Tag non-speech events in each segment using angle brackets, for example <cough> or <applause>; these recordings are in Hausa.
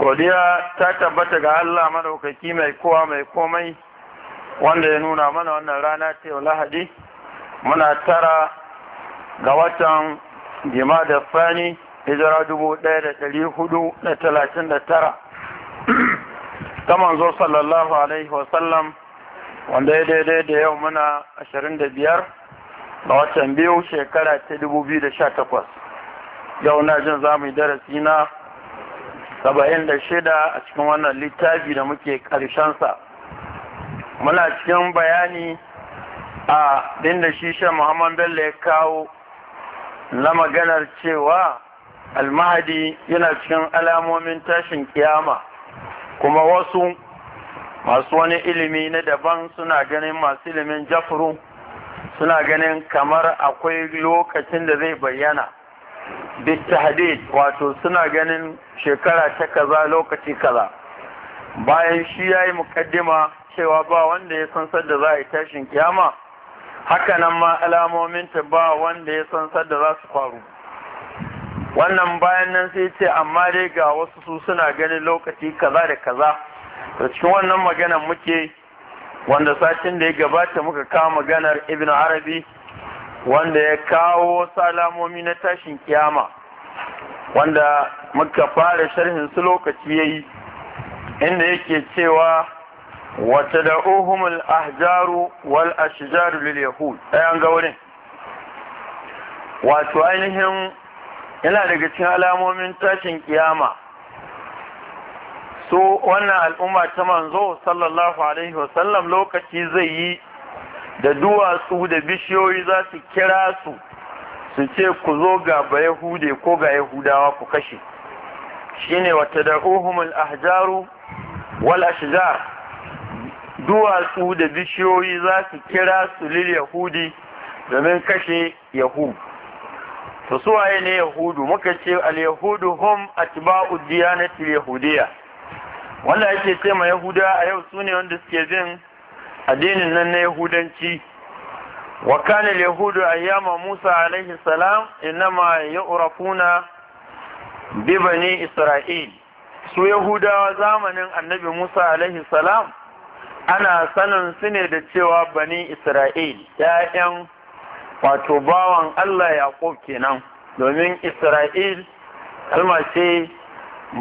godiya ta tabbata ga Allah madaukaki mai kowa mai komai wanda ya nuna mana wannan rana ce lahadi muna tara ga watan da fani hijira dubu ɗaya da ɗari hudu da talatin da tara ta manzo sallallahu alaihi wasallam wanda ya daidai da yau muna ashirin da biyar ga watan biyu shekara ta dubu biyu da sha takwas yau na jin za mu yi darasi na saba'in da shida a cikin wannan littafi da muke ƙarshen sa, muna cikin bayani a dinda shisha muhammad bello ya kawo na maganar cewa almahadi yana cikin alamomin tashin kiyama kuma wasu masu wani ilimi na daban suna ganin masu ilimin jafuru suna ganin kamar akwai lokacin da zai bayyana bitahdid wato suna ganin shekara ta kaza lokaci kaza bayan shi yayi mukaddima cewa ba wanda ya san da za a yi tashin kiyama haka nan ma alamominta ba wanda ya san da za su faru wannan bayan nan sai ce amma dai ga wasu su suna ganin lokaci kaza da kaza da cikin wannan magana muke wanda satin da ya gabata muka kawo maganar ibn arabi wanda ya kawo salamomi na tashin kiyama wanda muka fara sharhin su lokaci yayi inda yake cewa wata da ohumul ahjaru wal ashjaru lil yahud ayan ga wato ainihin yana daga cikin alamomin tashin kiyama so wannan al'umma ta manzo sallallahu alaihi wasallam lokaci zai yi da duwatsu da bishiyoyi za su kira su su ce ku zo ga Hude ko ga yahudawa ku kashe shine wata da'uhumul ahjaru wal ashjar duwatsu da bishiyoyi za su kira su lil yahudi domin kashe yahud to suwaye ne yahudu muka ce al yahudu hum atba'u diyanati yahudiyya wanda yake ce ma yahuda a yau sune wanda suke bin addinin nan na yahudanci wa yahudu ayyama musa alaihi salam inama ya'rafuna bi bani isra'il su yahudawa zamanin annabi musa alaihi salam ana sanin su ne da cewa bani isra'il ya'yan wato bawan allah yaqub kenan domin isra'il kalma ce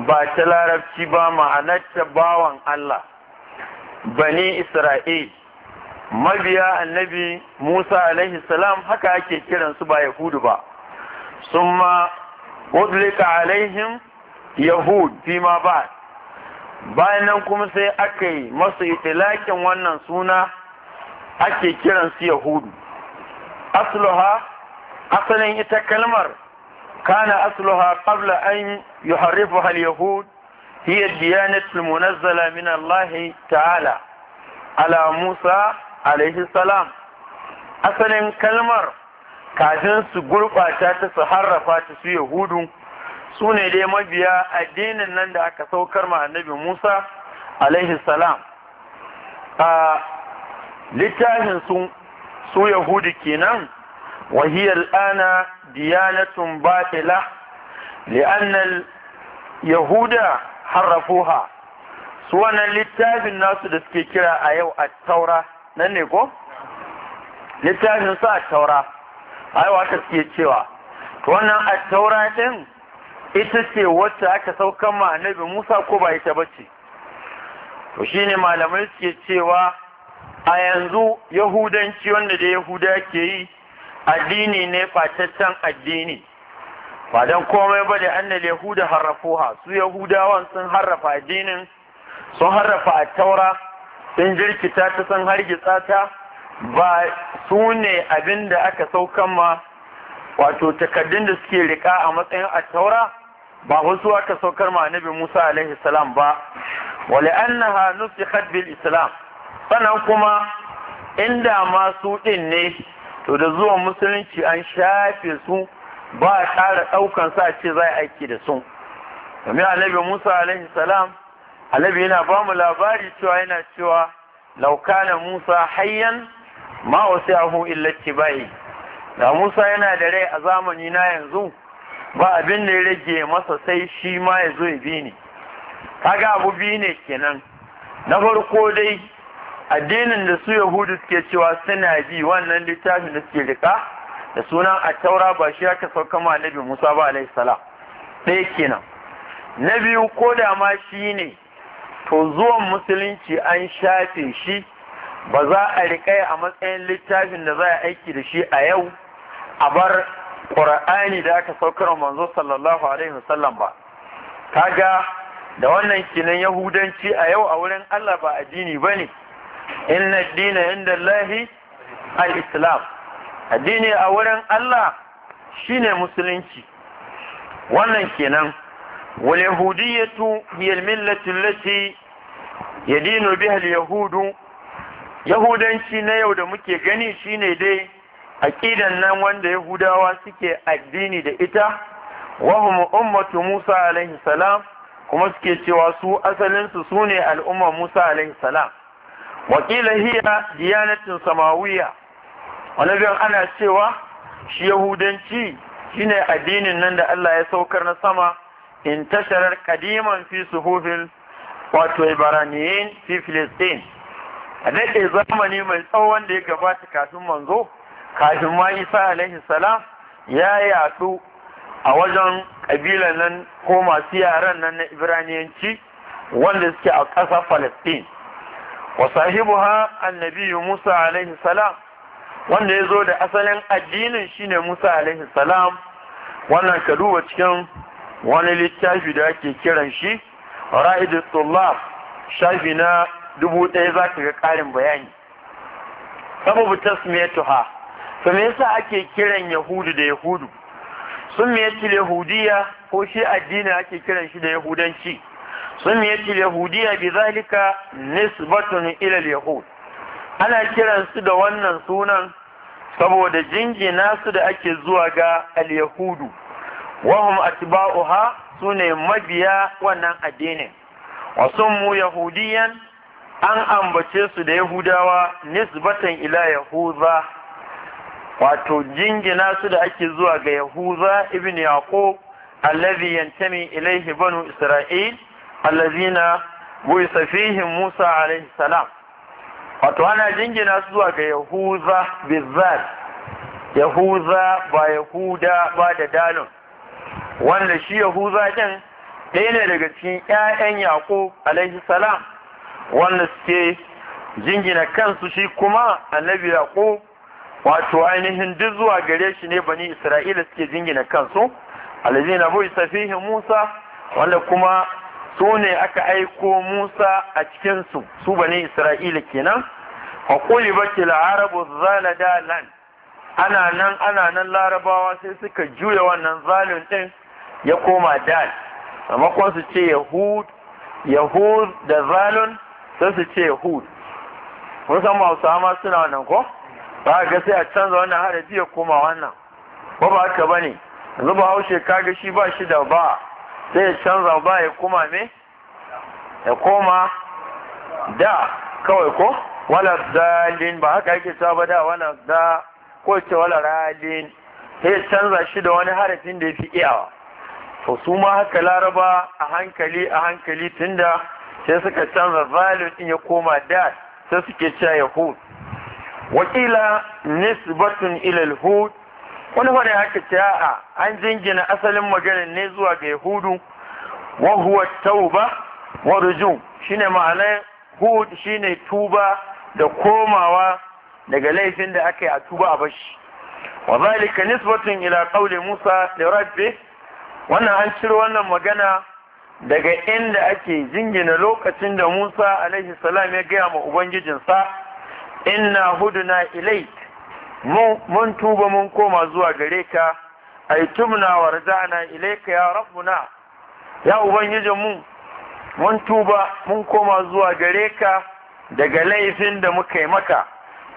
ba ta larabci ba ma'anar ta bawan allah bani isra'il mabiya annabi Musa alaihi salam haka ake kiransu ba Yahudu ba summa udlika alaihim Yahud fima ba bayan nan kuma sai aka yi masu itilakin wannan suna ake kiransu Yahudu asluha asalin ita kalmar asluha qabla an أن hal Yahud, hiya الديانة munazzala min Allah ta'ala, ala Musa. alaihi salam asalin kalmar kafin su gurɓata ta su harrafa ta su yahudu su ne dai mabiya addinin nan da aka saukar ma annabi musa alaihi salam a littafin su su yahudu kenan wahiyar ana diyanatun batila li'annal yahuda harrafuha su wannan littafin nasu da suke kira a yau a taura nan ne ko littafin su a taura ai wata suke cewa to wannan a taura ɗin ita ce wacce aka saukan ma annabi Musa ko ba ita ba ce. to shine malamai suke cewa a yanzu yahudanci wanda da yahuda ke yi addini ne fataccen addini ba don komai ba da annal yahuda harrafuha su yahudawan sun harrafa addinin sun harrafa a taura sun jirkita ta san hargitsa ta ba su ne abin da aka saukan ma wato takaddun da suke rika a matsayin taura ba wasu aka saukar ma annabi Musa alaihi salam ba wale annaha nusikhat bil islam sannan kuma inda masu din ne to da zuwa musulunci an shafe su ba a ƙara ɗaukan sa ce za a aiki da su domin annabi Musa alaihi salam annabi yana ba mu labari cewa yana cewa laukana musa hayyan ma wasi'ahu illa tibai da musa yana da rai a zamani na yanzu ba abin da ya rage masa sai shi ma ya zo ya bi ni kaga abu bi ne kenan na farko dai addinin da su yahudu suke cewa suna bi wannan littafin da suke rika da sunan a taura ba shi aka sauka ma annabi musa ba alaihi salam ɗaya kenan na biyu ko da ma shi ne to zuwan musulunci an shafe shi ba za a riƙe a matsayin littafin da za a aiki da shi a yau a bar ƙura'ani da aka saukar manzo sallallahu alaihi wasallam ba kaga da wannan kinan yahudanci a yau a wurin Allah ba addini ba ne inna dina inda lahi al-islam addini a wurin Allah shine musulunci wannan kenan واليهودية هي الملة التي يدين بها اليهود يهودا شينا يودا مكي غني شينا دي أكيدا نوان دا يهودا واسكي الدين دا إتا وهم أمة موسى عليه السلام kuma suke cewa su asalinsu su ne al'ummar Musa alaihi salam. Wakila hiya diyanatin samawiya, wani biyan ana cewa shi Yahudanci shine addinin nan da Allah ya saukar na sama intasharar kadiman fi suhufin wato ibaraniyin fi filistin a daɗe zamani mai tsawon da ya gabata kafin manzo kafin ma isa alaihi salam ya yaɗu a wajen ƙabilan nan ko masu yaran nan na ibraniyanci wanda suke a ƙasar falastin wa sahibuha musa alaihi salam wanda ya zo da asalin addinin shine musa alaihi salam wannan ka duba cikin wani littafi da ake kiran shi ra'idu tullab shafi na dubu ɗaya za ka ga ƙarin bayani sababu tasmiyatuha to me yasa ake kiran yahudu da yahudu sun miyatil yahudiya ko shi addini ake kiran shi da yahudanci sun miyatil yahudiya bi zalika nisbatun ila yahud ana kiran su da wannan sunan saboda jingina su da ake zuwa ga al-yahudu wahum atba'uha sune mabiya wannan addinin wa mu yahudiyan an ambace su da yahudawa nisbatan ila yahuza wato jingina su da ake zuwa ga yahuza ibn yaqub alladhi yantami ilayhi banu isra'il allazina buisa fihim musa alayhi salam wato ana jingina su zuwa ga yahuza bizzat yahuza ba yahuda ba da dalon wanda shi yahuza ɗin ɗaya ne daga cikin 'ya'yan yaqub alaihi salam wanda suke jingina kansu shi kuma annabi yaƙub wato ainihin duk zuwa gare shi ne bani isra'ila suke jingina kansu alazina bu safihi musa wanda kuma su ne aka aiko musa a cikinsu su bani isra'ila kenan baki qulibati al-arabu nan. ana nan ana nan larabawa sai suka juya wannan zalun ɗin. ya koma dal maimakon su ce yahud yahud da zalun sai su ce yahud mun san hausawa ma suna wannan ko ba ga sai a canza wannan harafi ya koma wannan ko ba haka bane yanzu ba haushe kaga shi ba shi da ba sai ya canza ba ya koma me ya koma da kawai ko wala zalin ba haka yake ta ba da wala da ko ce wala ralin sai ya canza shi da wani harafin da ya fi iyawa to su ma haka laraba a hankali a hankali tunda sai suka canza value din ya koma da sai suke cewa yahud wakila nisbatun ila yahud wani fara haka ce a an jingina asalin maganar ne zuwa ga yahudu wa huwa tauba wa ruju shine ma'anar hud shine tuba da komawa daga laifin da aka yi a tuba a bashi wa zalika nisbatun ila qawli musa li rabbi wannan an ciro wannan magana daga inda ake jingina lokacin da Musa alaihi salam ya gaya ma ubangijinsa inna huduna ilai mun tuba mun koma zuwa gare ka ai tumna wa raja'na ilaika ya rabbuna ya ubangijin mu mun tuba mun koma zuwa gare ka daga laifin da muka yi maka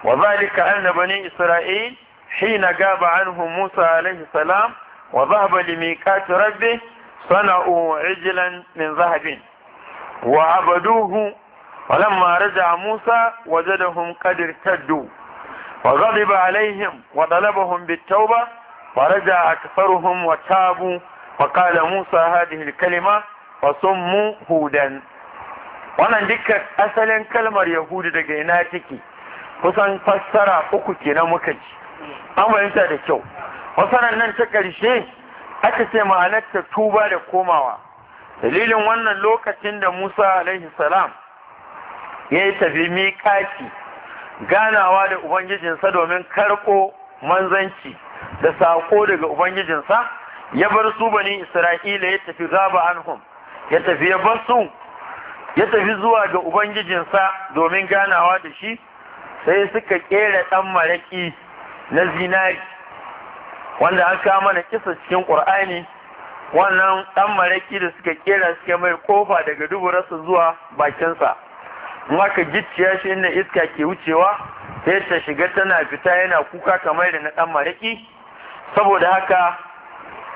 wa zalika annabani isra'il shi na gaba anhu Musa alaihi salam Wa zahabari mai kato Rabi suna uwa ajiye zahabin. Wa abaduhu, wajen ma'arja a Musa waje da humkar tadduk. Wa zahabari ba alaihin waɗalaba humbitauba ma'arja a kasar rum wa tabu ba kada Musa ya haɗa hirƙalima ba son mu hudan. Wannan dukkan asalin kalmar yahudi daga ina take kusan fassara uku kenan muka ci. An fahimci da kyau. masarar nan ta ƙarshe aka ce ma'anarta tuba da komawa dalilin wannan lokacin da musa alaihi salam ya yi tafi miƙaƙi ganawa da ubangijinsa domin karko manzanci da saƙo daga ubangijinsa ya bar su bani isra'ila ya tafi gaba anhum ya tafi ya bar su ya tafi zuwa ga ubangijinsa domin ganawa da shi sai suka ƙera ɗan maraƙi na zinari wanda an kawo mana kisa cikin ƙur'ani wannan ɗan maraki da suka kera suka mai kofa daga duburarsa zuwa bakinsa in aka gicciya shi inda iska ke wucewa sai ta shiga tana fita yana kuka kamar da na ɗan maraki saboda haka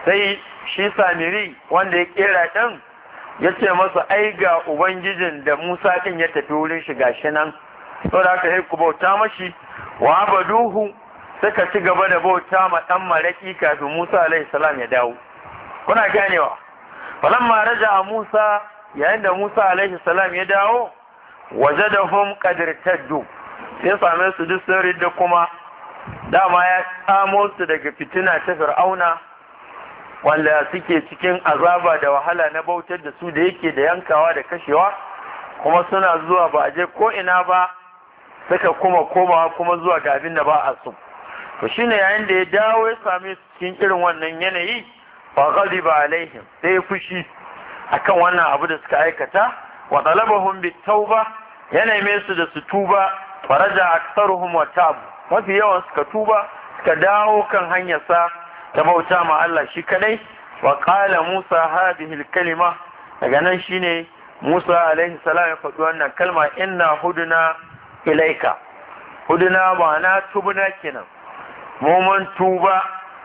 sai shi samiri wanda ya kera ɗan ya ce masa ai ga ubangijin da musa ɗin ya tafi wurin shiga shi nan saboda haka sai ku bauta mashi wa abaduhu suka ci gaba da bauta ma ɗan maraƙi kafin Musa alaihissalam ya dawo. Kuna ganewa, falamma raja a Musa yayin da Musa alaihissalam ya dawo, waje da hum ƙadirtaddu sai same su duk sun da kuma dama ya samo su daga fitina ta fir'auna wanda suke cikin azaba da wahala na bautar da su da yake da yankawa da kashewa kuma suna zuwa ba a je ko'ina ina ba suka kuma komawa kuma zuwa ga abin da ba a so. to yayin da ya dawo ya same su cikin irin wannan yanayi fa ghadiba alaihim sai ya fushi akan wannan abu da suka aikata wa talabahum bit tauba yanayi mai su da su tuba faraja aktsaruhum wa tabu mafi yawan suka tuba suka dawo kan hanyar sa ta bauta ma Allah shi kadai wa Musa hadhihi kalima daga nan shine Musa alaihi salam ya faɗi wannan kalma inna huduna ilaika huduna ba na tubuna kenan mu mun tuba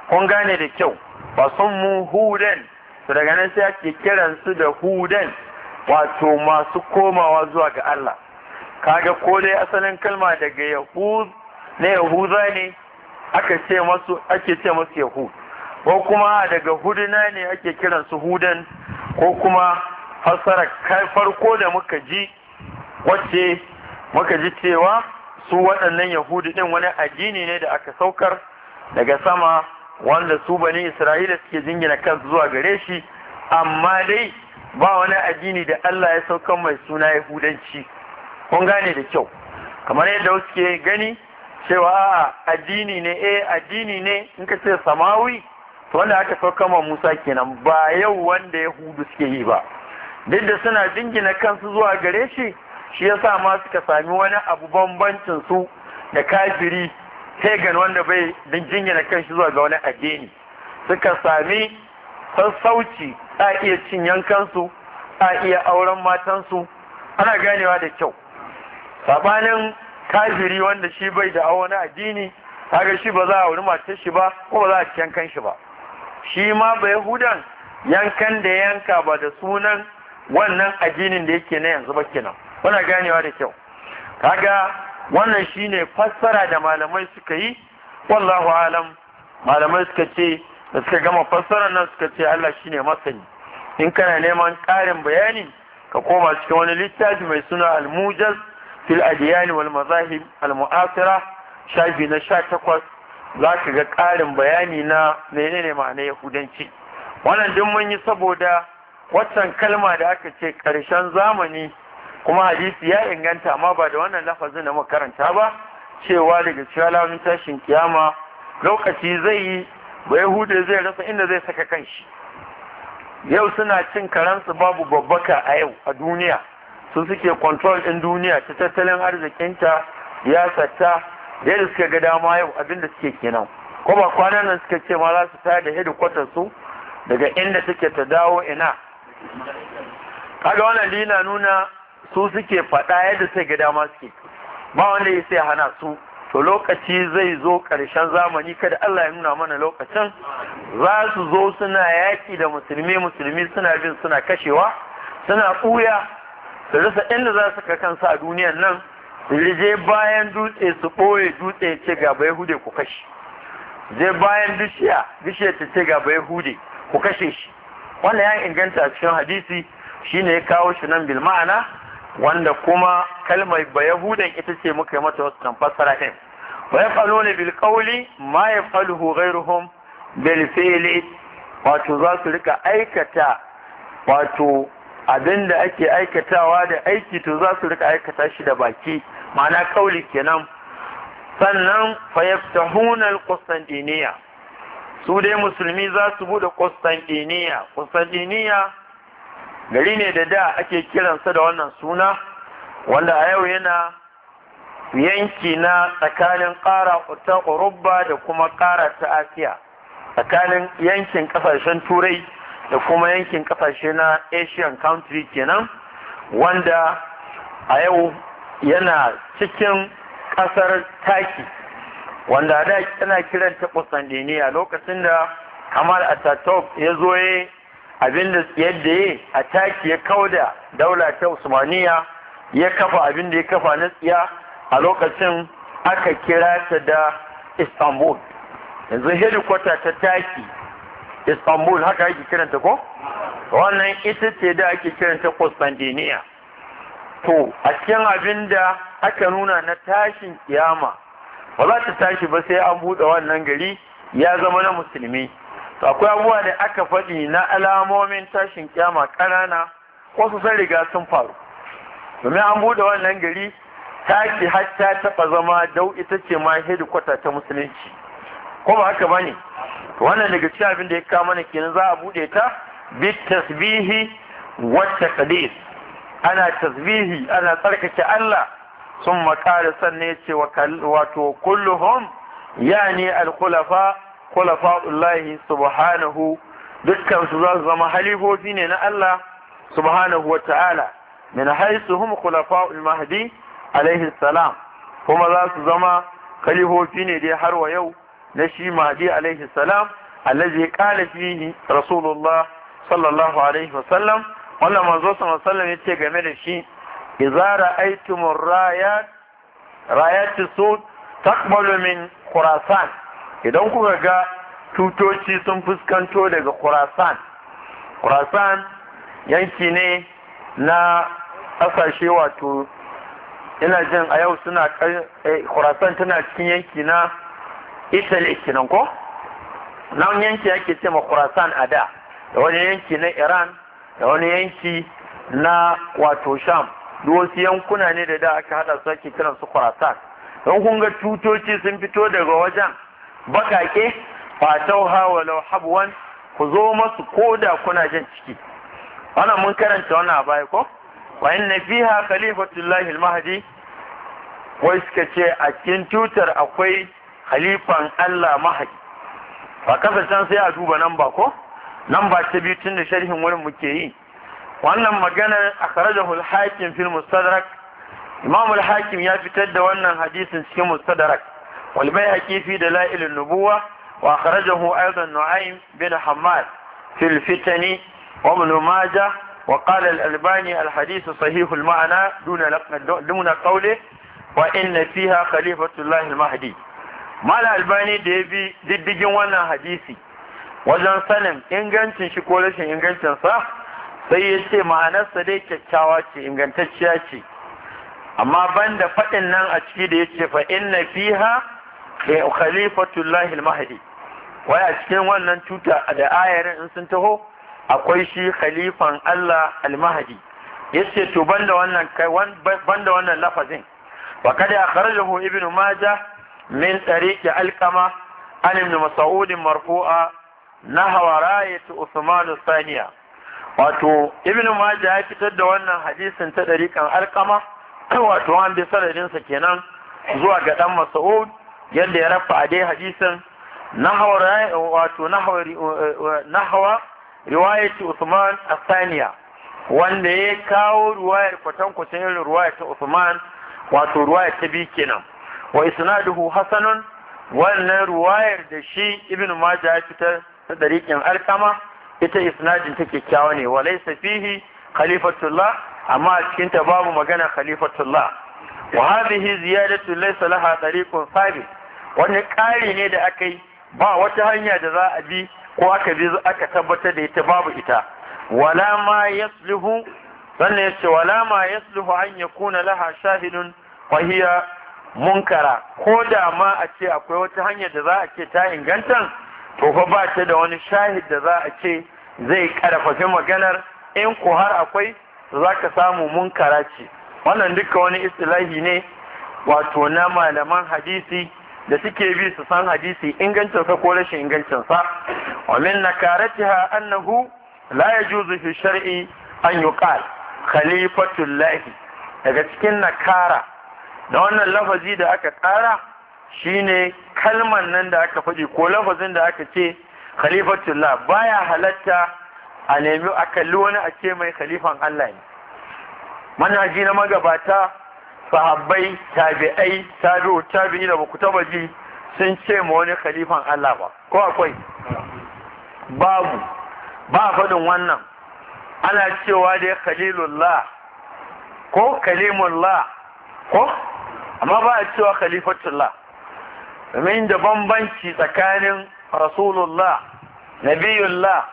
kun gane da kyau Ba sun mu hudan su daga nan sai ake kiran su da hudan wato masu komawa zuwa ga Allah kaga ko dai asalin kalma daga yahud na yahuda ne aka ce masu ake ce masu yahud ko kuma daga huduna ne ake kiran su hudan ko kuma fassara farko da muka ji wacce muka ji cewa su waɗannan Yahudu ɗin wani addini ne da aka saukar daga sama wanda su bane isra'ila suke jingina kansu zuwa gare shi amma dai ba wani addini da allah ya saukar mai suna yahudanci kun gane da kyau kamar yadda wasu gani cewa a addini ne eh addini ne in ka ce samawi to wanda aka saukar ma musa kenan ba yau wanda yahudu suke yi ba duk da suna jingina kansu zuwa gare shi shi yasa ma suka sami wani abu bambancin su da kafiri pagan wanda bai din na kanshi zuwa ga wani addini suka sami sassauci a iya cin yankansu a iya auren matansu ana ganewa da kyau sabanin kafiri wanda shi bai da wani addini kaga shi ba za a wani matar shi ba ko ba za a ci yankan shi ba shi ma ba hudan yankan da yanka ba da sunan wannan addinin da yake na yanzu ba kenan kuna ganewa da kyau kaga wannan shine fassara da malamai suka yi wallahu alam malamai suka ce da suka gama fassarar nan suka ce Allah shine masani in kana neman ƙarin bayani ka koma cikin wani littafi mai suna al-mujaz fil adiyan wal mazahib al-mu'asira shafi na 18 zaka ga ƙarin bayani na menene ma'ana yahudanci wannan duk mun yi saboda waccan kalma da aka ce ƙarshen zamani kuma hadisi ya inganta amma ba da wannan lafazin na makaranta ba cewa daga cewa lamun tashin kiyama lokaci zai yi ba yahudu zai rasa inda zai saka kanshi yau suna cin karansu babu babbaka a yau a duniya su suke control ɗin duniya ta tattalin arzikinta siyasarta da yadda suka ga dama yau abinda suke kenan ko ba kwanan nan suka ce ma za su tayar da hedikwatar su daga inda suke ta dawo ina kaga wannan lina nuna su suke faɗa yadda sai ga dama suke ba wanda ya sai hana su to lokaci zai zo ƙarshen zamani kada Allah ya nuna mana lokacin za su zo suna yaƙi da musulmi musulmi suna bin suna kashewa suna ɓuya su rasa inda za su ka kansa a duniyan nan su je bayan dutse su ɓoye dutse ce ga bai hude ku kashe je bayan bishiya bishiya ta ce ga bai hude ku kashe shi wannan ya inganta cikin hadisi shine ya kawo shi nan bil ma'ana wanda kuma kalmar ba yahudan ita ce muka yi mata wasu kan fassara ɗin wa yaf'aluna bil qawli ma yaf'aluhu ghayruhum bil fi'li wato za su rika aikata wato abinda ake aikatawa da aiki to za su rika aikata shi da baki ma'ana kauli kenan sannan fayaftahunan al su dai musulmi za su bude qustantiniya gari ne da da ake kiransa da wannan suna wanda a yau yana yanki na tsakanin ƙara ta urubba da kuma ƙara ta asiya tsakanin yankin ƙasashen turai da kuma yankin ƙasashe na asian country kenan wanda a yau yana cikin ƙasar taki wanda da yana kiranta Constantinople lokacin da Kamal Atatok ya zo abin da yadda ya a taki ya da daula ta usmaniya ya kafa abin da ya kafa na tsiya a lokacin aka kira ta da istanbul yanzu hedikwata ta taki istanbul haka ake kiranta ko wannan ita ce da ake kiranta constantiniya to a cikin abin da aka nuna na tashin kiyama ba za ta tashi ba sai an buɗe wannan gari ya zama na musulmi to akwai abubuwa da aka faɗi na alamomin tashin kyama ƙanana wasu sun riga sun faru domin an buɗe wannan gari taki hatta taɓa zama dau ita ce ma hedikwata ta musulunci ko ba haka bane wannan daga cikin abin da ya kawo mana kenan za a buɗe ta bi tasbihi wa taqdis ana tasbihi ana tsarkake Allah sun makara sannan ya ce wato kulluhum yani al-khulafa khulafa'ullahi subhanahu dukkan su za zama halifofi ne na Allah subhanahu wa ta'ala min haisu hum khulafa'ul mahdi alaihi salam kuma za su zama khalifofi ne dai har wa yau na shi mahdi alaihi salam allazi qala fihi rasulullah sallallahu alaihi wasallam wannan manzo sallallahu alaihi yace game da shi idza ra'aytumur rayat rayat sud taqbalu min khurasan idan kuka ga tutoci sun fuskanto daga Khurasan Khurasan yanki ne na asashe wato ina jin a yau suna eh, Khurasan tana cikin yanki na Italy kenan ko nan yanki ake ce ma Khurasan a da da wani yanki na Iran da wani yanki na wato Sham wasu yankuna ne da da aka hada su ake kiransu Khurasan don kun ga tutoci sun fito daga wajen bakake fatau hawalau habwan ku zo masu koda kuna jan ciki wannan mun karanta wannan baya ko wa inna fiha khalifatullahi almahdi wai suka ce a cikin tutar akwai Khalifan Allah mahadi ba kasashen sai a duba nan ba ko nan ba ta biyu tun da sharhin wurin muke yi wannan maganar a karajar hakim fil mustadrak imam hakim ya fitar da wannan hadisin cikin mustadrak والبيهقي في دلائل النبوة وأخرجه أيضا نعيم بن حماد في الفتن وابن ماجه وقال الألباني الحديث صحيح المعنى دون دون قوله وإن فيها خليفة الله المهدي ما الألباني ديبي ديبي وانا حديثي wajen sanin ingancin shi ko rashin ingancinsa sai ya ce ma'anarsa dai kyakkyawa ce ingantacciya ce amma ban da faɗin nan a ciki da ya ce fa inna fiha da khalifatullahi al-mahdi waya cikin wannan tuta da ayarin in sun taho akwai shi khalifan Allah al-mahdi yace to banda wannan kai banda wannan lafazin wa kada akhrajahu ibnu majah min tariqi alqama an ibn mas'ud marfu'a nahwa ra'ayat usman thaniya wato Ibn majah ya fitar da wannan hadisin ta dariqan alqama wato an bi sanadin sa kenan zuwa ga dan mas'ud yadda ya rafa a dai hadisin nahawar wato nahawa eh, eh, riwayati Usman Asaniya wanda ya kawo ruwayar kwatankwacin irin riwayar ta Usman wato ta biyu kenan wa isnaduhu hasanun wannan riwayar da shi ibn Majah ya fitar ta dariqin alkama ita isnadin take kyawa ne wa laysa fihi khalifatullah amma a cikin ta babu magana khalifatullah wa hadhihi ziyadatu laysa laha tariqun sabit wani ƙari ne da aka yi ba wata hanya da za a bi ko aka bi aka tabbatar da ita babu ita wala ma yasluhu sannan yace wala ma yasluhu an yakuna laha shahidun wa hiya munkara ko da ma a ce akwai wata hanya da za a ce ta inganta to fa ba ta da wani shahid da za a ce zai karfafi maganar in ko har akwai za ka samu munkara ce wannan duka wani istilahi ne wato na malaman hadisi da suke bi su san hadisi ingancinsa ko rashin ingancinsa wa min nakaratiha annahu la yajuzu fi shar'i an yuqal khalifatul lahi daga cikin nakara da wannan lafazi da aka tsara shine kalman nan da aka faɗi ko lafazin da aka ce khalifatul la baya halatta a nemi a kalli wani a ce mai khalifan Allah ne manhaji na magabata sahabbai tabi'ai tabi'u tabi'i da baku taba ji sun ce ma wani khalifan Allah ba ko akwai babu ba faɗin wannan ana cewa dai khalilullah ko kalimullah ko amma ba a cewa khalifatullah domin da bambanci tsakanin rasulullah nabiyullah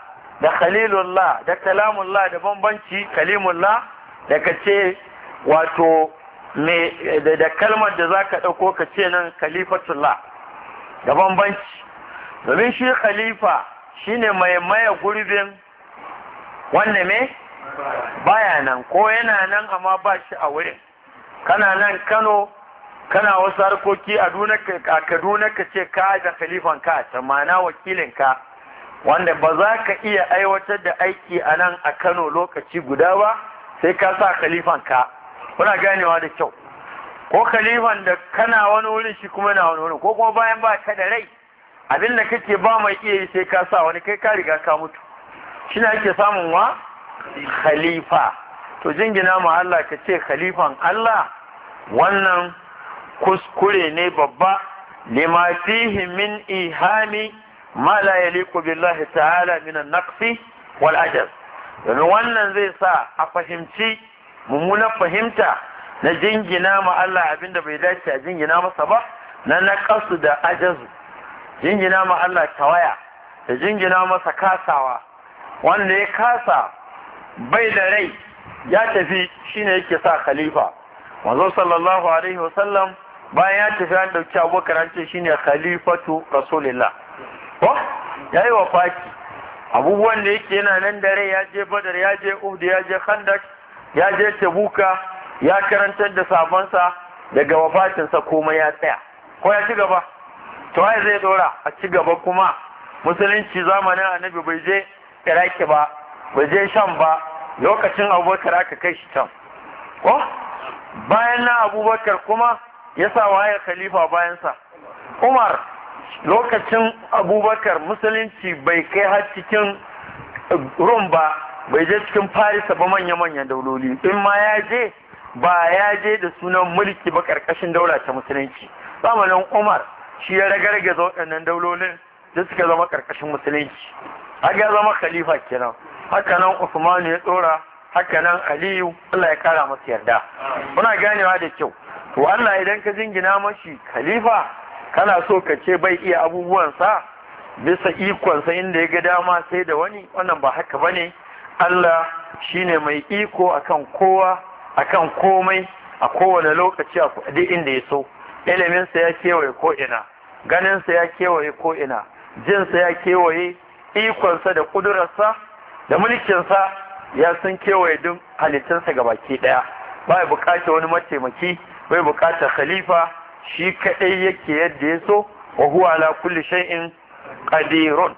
da khalilullah da kalamullah da bambanci kalimullah da ce wato me da kalmar da zaka ɗauko ka ce nan khalifatullah da bambanci domin shi khalifa shi ne mai maya gurbin wanda me baya nan ko yana nan amma ba shi a wurin kana nan Kano kana wasu harkoki a Kaduna ka ce ka da khalifan ka ta mana wakilin ka wanda ba za ka iya aiwatar da aiki a nan a Kano lokaci guda ba sai ka sa khalifan ka kuna ganewa da kyau ko khalifan da kana wani wurin shi kuma na wani wurin ko kuma bayan ba ka da rai abin da kake ba mai iya yi sai ka sa wani kai ka riga ka mutu shi ne ake samun wa khalifa to jingina ma Allah ka ce khalifan Allah wannan kuskure ne babba lima fihi min ihami ma la yaliqu billahi ta'ala min an-naqsi wal ajaz wannan zai sa a fahimci mummunan fahimta na jingina ma Allah abinda bai dace a jingina masa ba na nakasu da ajazu jingina ma Allah tawaya da jingina masa kasawa wanda ya kasa bai da rai ya tafi shine yake sa khalifa manzo sallallahu alaihi wasallam bayan ya tafi an dauki abubakar an ce shine khalifatu rasulillah ko yayi wafaki abubuwan da yake yana nan da rai ya je badar ya je uhud ya je khandak ya je tabuka ya karantar da safansa daga wafatinsa komai ya tsaya ko ya ci gaba to ai zai dora a ci gaba kuma musulunci zamanin annabi bai je iraki ba bai je sham ba lokacin abubakar aka kai shi can ko bayan na abubakar kuma ya sa waye khalifa bayansa umar lokacin abubakar musulunci bai kai har cikin rum ba bai je cikin farisa ba manya-manyan dauloli in ma ya je ba ya je da sunan mulki ba karkashin daula ta musulunci zamanin umar shi ya ragargaza waɗannan daulolin da suka zama karkashin musulunci haka ya zama khalifa kenan haka nan usman ya tsora haka nan aliyu allah ya kara masa yarda muna ganewa da kyau to allah idan ka jingina mashi khalifa kana so ka ce bai iya abubuwansa bisa ikonsa inda ya ga dama sai da wani wannan ba haka bane Allah shi ne mai iko akan kowa akan komai a kowane lokaci a duk inda ya so iliminsa ya kewaye ko'ina ganinsa ya kewaye ko'ina jinsa ya kewaye ikonsa da ƙudurarsa da mulkinsa ya sun kewaye duk halittarsa ga baki ɗaya ba ya bukata wani mataimaki bai bukata khalifa shi kaɗai yake yadda ya so wa huwa ala kulli shay'in qadirun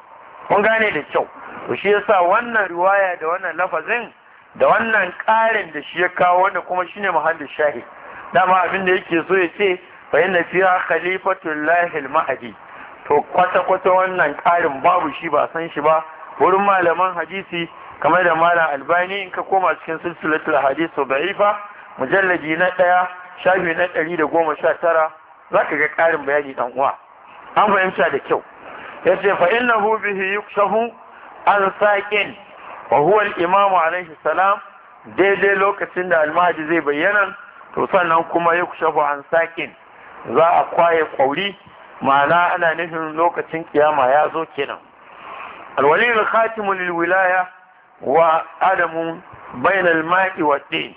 kun gane da kyau to shi yasa wannan riwaya da wannan lafazin da wannan karin da shi ya kawo wanda kuma shine muhallin shahi dama abin da yake so ya ce fa inna fiha khalifatul al mahdi to kwata kwata wannan ƙarin babu shi ba san shi ba wurin malaman hadisi kamar da malam albani in ka koma cikin silsilatul hadisu da'ifa mujalladi na ɗaya shafi na ɗari da goma sha tara za ga ƙarin bayani dan uwa an fahimta da kyau yace ce fa innahu bihi yukshahu an sakin wa huwa Imam alaihi salam daidai lokacin da almahadi zai bayyana to sannan kuma ya kushafa an sakin za a kwaye kwauri ma'ana ana nufin lokacin kiyama ya zo kenan alwalil khatimu wilaya wa adamu bainal ma'i wa din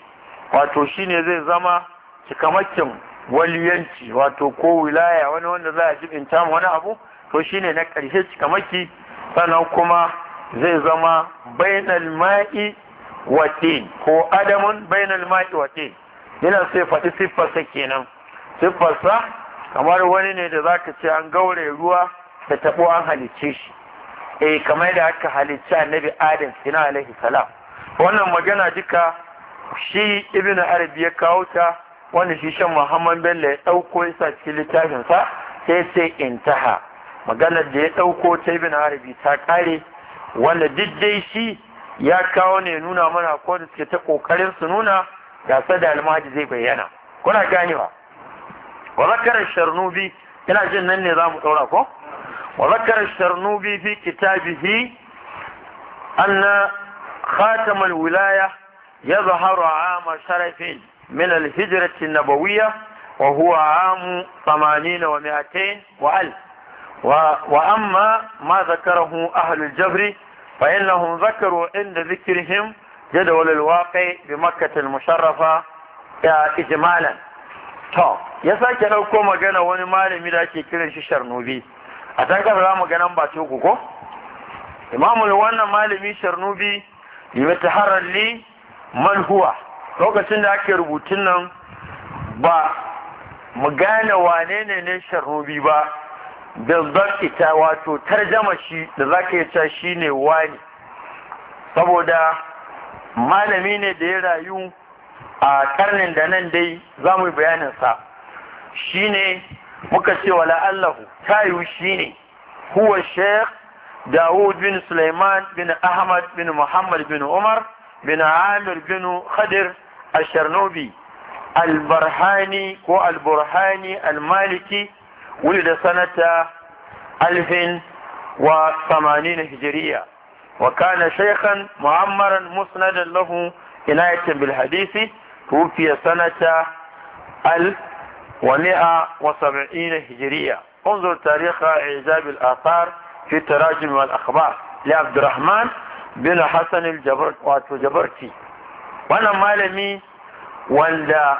wato shine zai zama cikamakin waliyanci wato ko wilaya wani wanda za a jibinta wani abu to shine na ƙarshe cikamaki sannan kuma zai zama bainal ma'i wa ko adamun bainal ma'i wa yana sai faɗi siffarsa kenan siffarsa kamar wani ne da zaka ce an gaure ruwa da tabo an halicce shi eh kamar da aka halicci annabi adam sina alaihi salam wannan magana duka shi ibn arabi ya kawo ta wannan shi shan muhammad bello ya ɗauko isa cikin littafinsa sai sai intaha maganar da ya ɗauko ta ibn arabi ta ƙare wanda duk dai shi ya kawo ne nuna mana ko da suke ta kokarin su nuna ga sada almaji zai bayyana kuna ganewa wa zakara sharnubi ina jin nan ne za mu daura ko wa zakara sharnubi fi kitabihi anna khatam alwilaya يظهر عام شرف من الهجرة النبوية وهو عام ثمانين ومائتين وألف وأما ما ذكره أهل الجبر فإنهم ذكروا عند ذكرهم جدول الواقع بمكة المشرفة إجمالا to ya sake ɗauko magana wani malami da ake kiran shi sharnubi a can kafa za mu ganan ba ku ko imamul wannan malami sharnubi yataharrar li man manhuwa, lokacin da ake rubutun nan ba mu gane wane ne ne sharnubi ba da ta wato tarjama shi da za ka ta shi ne wani saboda malami ne da ya rayu a karnin da nan dai za mu yi bayaninsa shi ne muka ce wa la'allahu yi shi ne huwa sheikh dawud bin suleiman bin ahmad bin muhammad bin umar bin amir bin khadir a sharnobi albarhani ko al-Maliki. ولد سنة ألف وثمانين هجرية وكان شيخا معمرا مسندا له عناية بالحديث توفي سنة ألف ومئة وسبعين هجرية انظر تاريخ إعجاب الآثار في التراجم والأخبار لعبد الرحمن بن حسن الجبرتي وانا مالمي wanda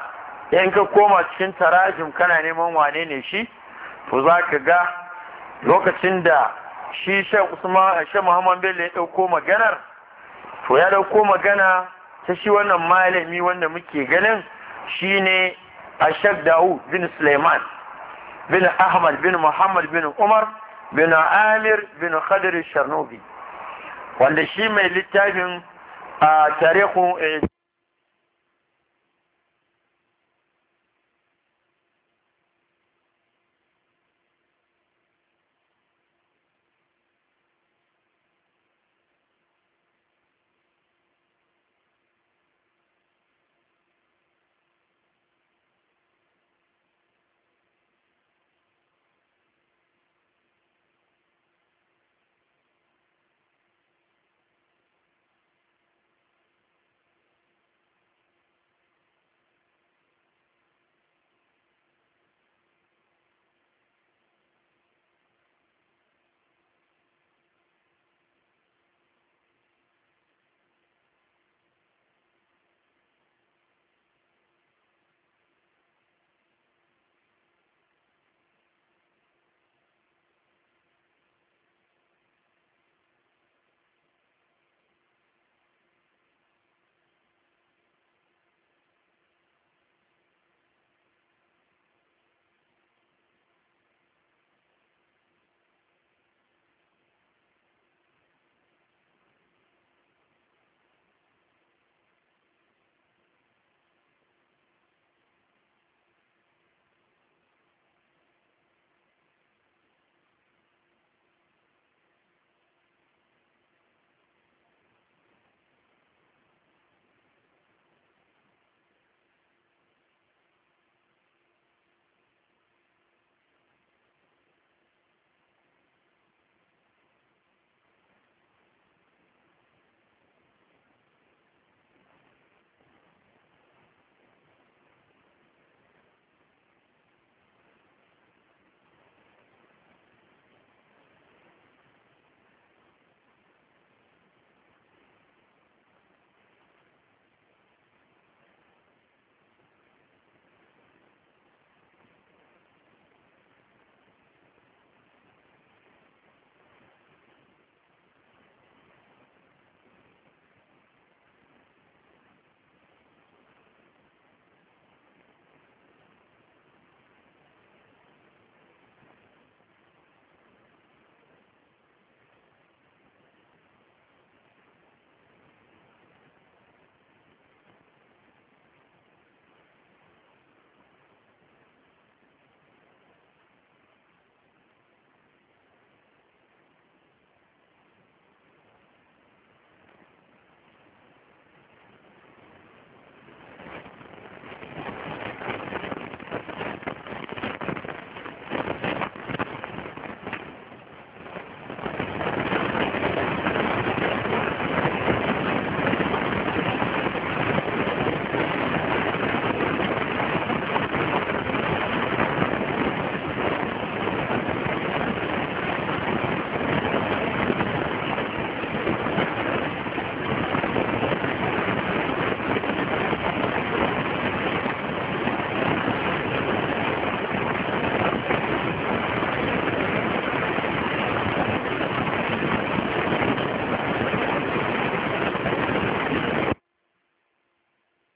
in ka كوما تشين تراجم كان يعني مو ne shi to za ka ga lokacin da shi shi muhammad bello ya ɗauko maganar to ya ɗauko magana ta shi wannan malami wanda muke ganin shi ne ashek dawud bin suleiman bin ahmad bin muhammad bin umar bin amir bin khadir sharnobi wanda shi mai littafin a tarihun eh,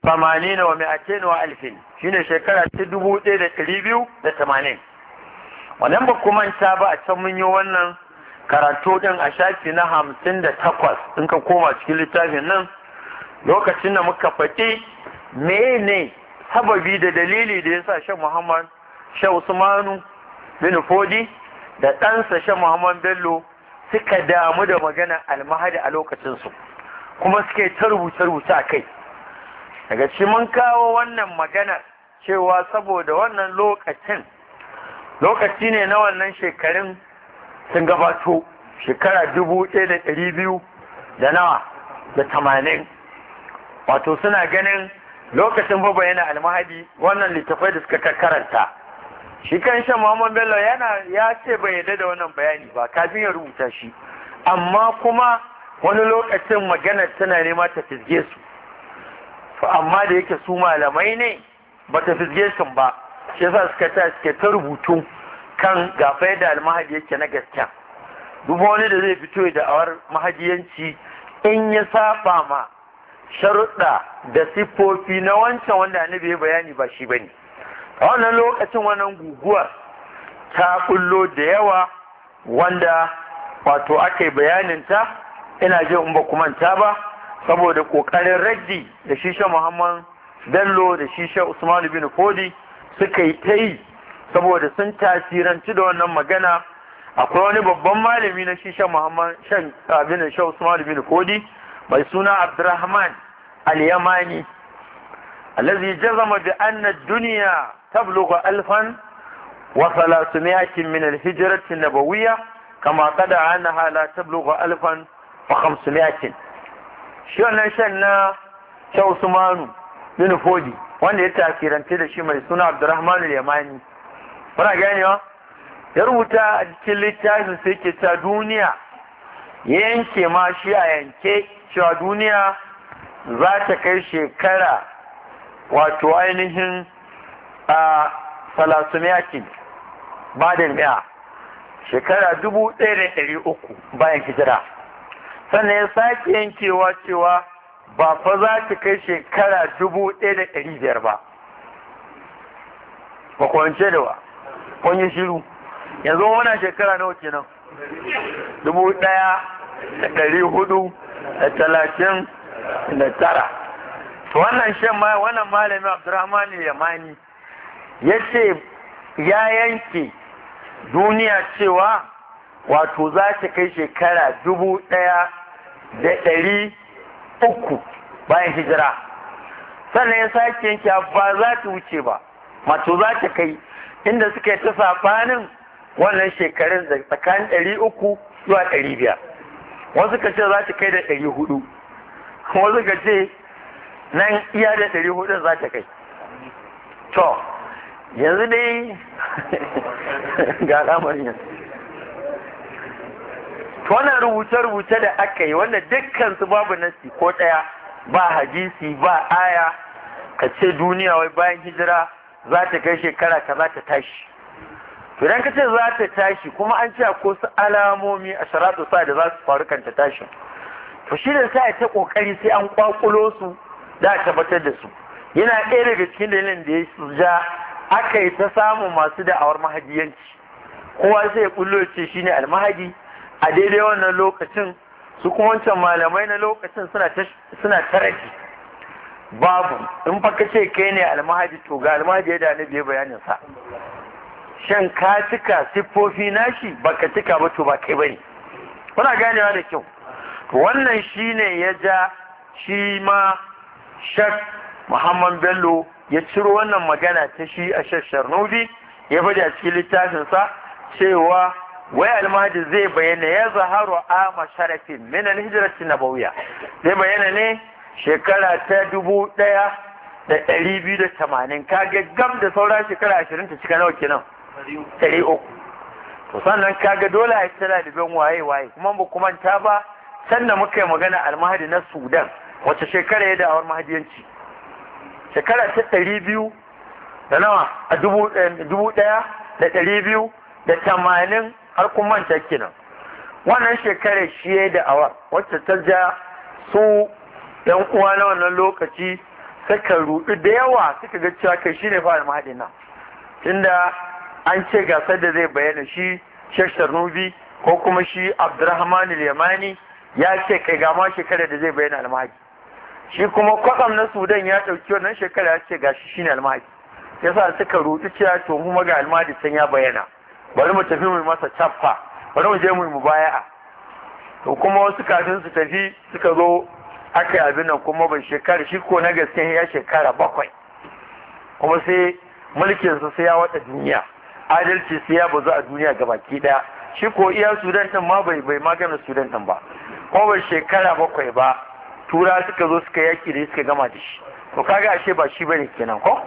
tamanina wa mi'atain wa alfin shine shekara ta dubu ɗaya da ɗari biyu da tamanin wannan ba ku manta ba a can mun yi wannan karatu ɗin a shafi na hamsin da takwas in ka koma cikin littafin nan lokacin da muka faɗi mene sababi da dalili da ya sa shan muhammad shan usmanu bin fodi da ɗansa shan muhammad bello suka damu da magana almahadi a lokacinsu kuma suke ta rubuce-rubuce a kai daga ci mun kawo wannan maganar cewa saboda wannan lokacin lokaci ne na wannan shekarun sun gabato shekara dubu ɗaya da ɗari biyu da nawa da tamanin wato suna ganin lokacin baba yana almahadi wannan littafai da suka karanta shi kan shan muhammad bello yana ya ce bai yarda da wannan bayani ba kafin ya rubuta shi amma kuma wani lokacin maganar tana nema ta fisge su amma da yake su malamai ne ba ta fizge sun ba shi yasa suka ta suke ta rubutu kan gafai da almahadi yake na gaskiya duk wani da zai fito da awar mahajiyanci, in ya saba ma sharuɗa da siffofi na wancan wanda annabi ya bayani ba shi bane a wannan lokacin wannan guguwar ta bullo da yawa wanda wato aka yi ta ina jin in ba ta ba saboda kokarin raddi da shi sha muhammad bello da shi sha usman bin fodi suka yi ta yi saboda sun tasiranci da wannan magana akwai wani babban malami na shi sha muhammad shan abin sha usman bin fodi mai suna abdurrahman al-yamani allazi jazama bi anna duniya tablughu alfan wa thalathumiatin min al-hijrati nabawiyya kama qada annaha la tablughu alfan wa khamsumiatin shi wannan shan na ta usmanu bin fodi wanda ya tasiranci da shi mai suna al yamani muna ganewa ya rubuta a cikin littafin sai ke ta duniya yanke ma shi a yanke cewa duniya za ta kai shekara wato ainihin a ba da miya shekara dubu ɗaya da ɗari uku bayan hijira sannan ya sake yankewa cewa ba fa za ki kai shekara dubu ɗaya da ɗari biyar ba ba kwance da ba yi shiru yanzu wana shekara nawa kenan dubu ɗaya da ɗari hudu da talatin da tara wannan shan ma wannan malami abdurrahman yamani ya ce ya yanke duniya cewa wato za ta kai shekara dubu ɗaya da ɗari uku bayan hijira sannan ya sake yanki ba za ta wuce ba wato za ta kai inda suka yi ta safanin wannan shekarun da tsakanin ɗari uku zuwa ɗari biyar wasu ka ce za ta kai da ɗari hudu wasu ka ce nan iya da ɗari hudu za ta kai to yanzu dai <laughs> ga alamar yanzu wannan rubuce-rubuce da aka yi wannan dukkan su babu nasi ko ɗaya ba hadisi ba aya ka ce duniya wai bayan hijira za ta kai shekara ka za ta tashi idan ka ce za ta tashi kuma an ce ko su alamomi a sharatu sa da za su faru kan ta tashi to shi da sa ta kokari sai an kwakulo su da a tabbatar da su yana ɗaya daga cikin dalilin da ya ja aka yi ta samun masu da'awar mahajiyanci kowa sai ya kullo ce shine almahaji a daidai wannan lokacin su kuma wancan malamai na lokacin suna tarafi babu in fa ka ce kai ne almahaji to ga almahaji ya na biye bayanin sa shan ka cika siffofi nashi baka cika ba to ba kai bane kuna ganewa da kyau wannan shine ya ja shi ma shak muhammad bello ya ciro wannan magana ta shi a shashar ya bada cikin littafinsa cewa wai almajin zai bayyana ya zaharo a masharafin minan hijirarci na bauya zai bayyana ne shekara ta dubu ɗaya da ɗari biyu da tamanin kage gam da sauran shekara ashirin ta cika nawa kenan ɗari uku to sannan kage dole a ta ɗaliban waye waye kuma ba kuma ta ba sannan muka yi magana almahadi na sudan wacce shekara ya da'awar mahadiyanci shekara ta ɗari biyu da nawa a dubu eh, ɗaya da ɗari biyu da tamanin har kun manta kenan wannan shekara shi da awa wacce ta ja su yan uwa na wannan lokaci suka rudu da yawa suka ga cewa kai shine fara mahadin nan tunda an ce gasar da zai bayyana shi Sheikh Sarnubi ko kuma shi Abdurrahman al-Yamani ya ce kai ga ma shekarar da zai bayyana almahadi shi kuma kwatsam na Sudan ya ɗauki wannan shekarar ya ce gashi shine almahadi yasa suka rudu cewa to kuma ga almahadi sun ya bayyana bari mu tafi mu masa caffa bari mu je mu mu mubaya'a to kuma wasu kafin su tafi suka zo aka yi abin nan kuma bai shekara shi ko na gaske ya shekara bakwai kuma sai mulkin su sai ya wata duniya adalci sai ya bazu a duniya gabaki daya shi ko iya sudan din ma bai bai magana sudan din ba kuma bai shekara bakwai ba tura suka zo suka yaki da suka gama da shi to kaga ashe ba shi bane kenan ko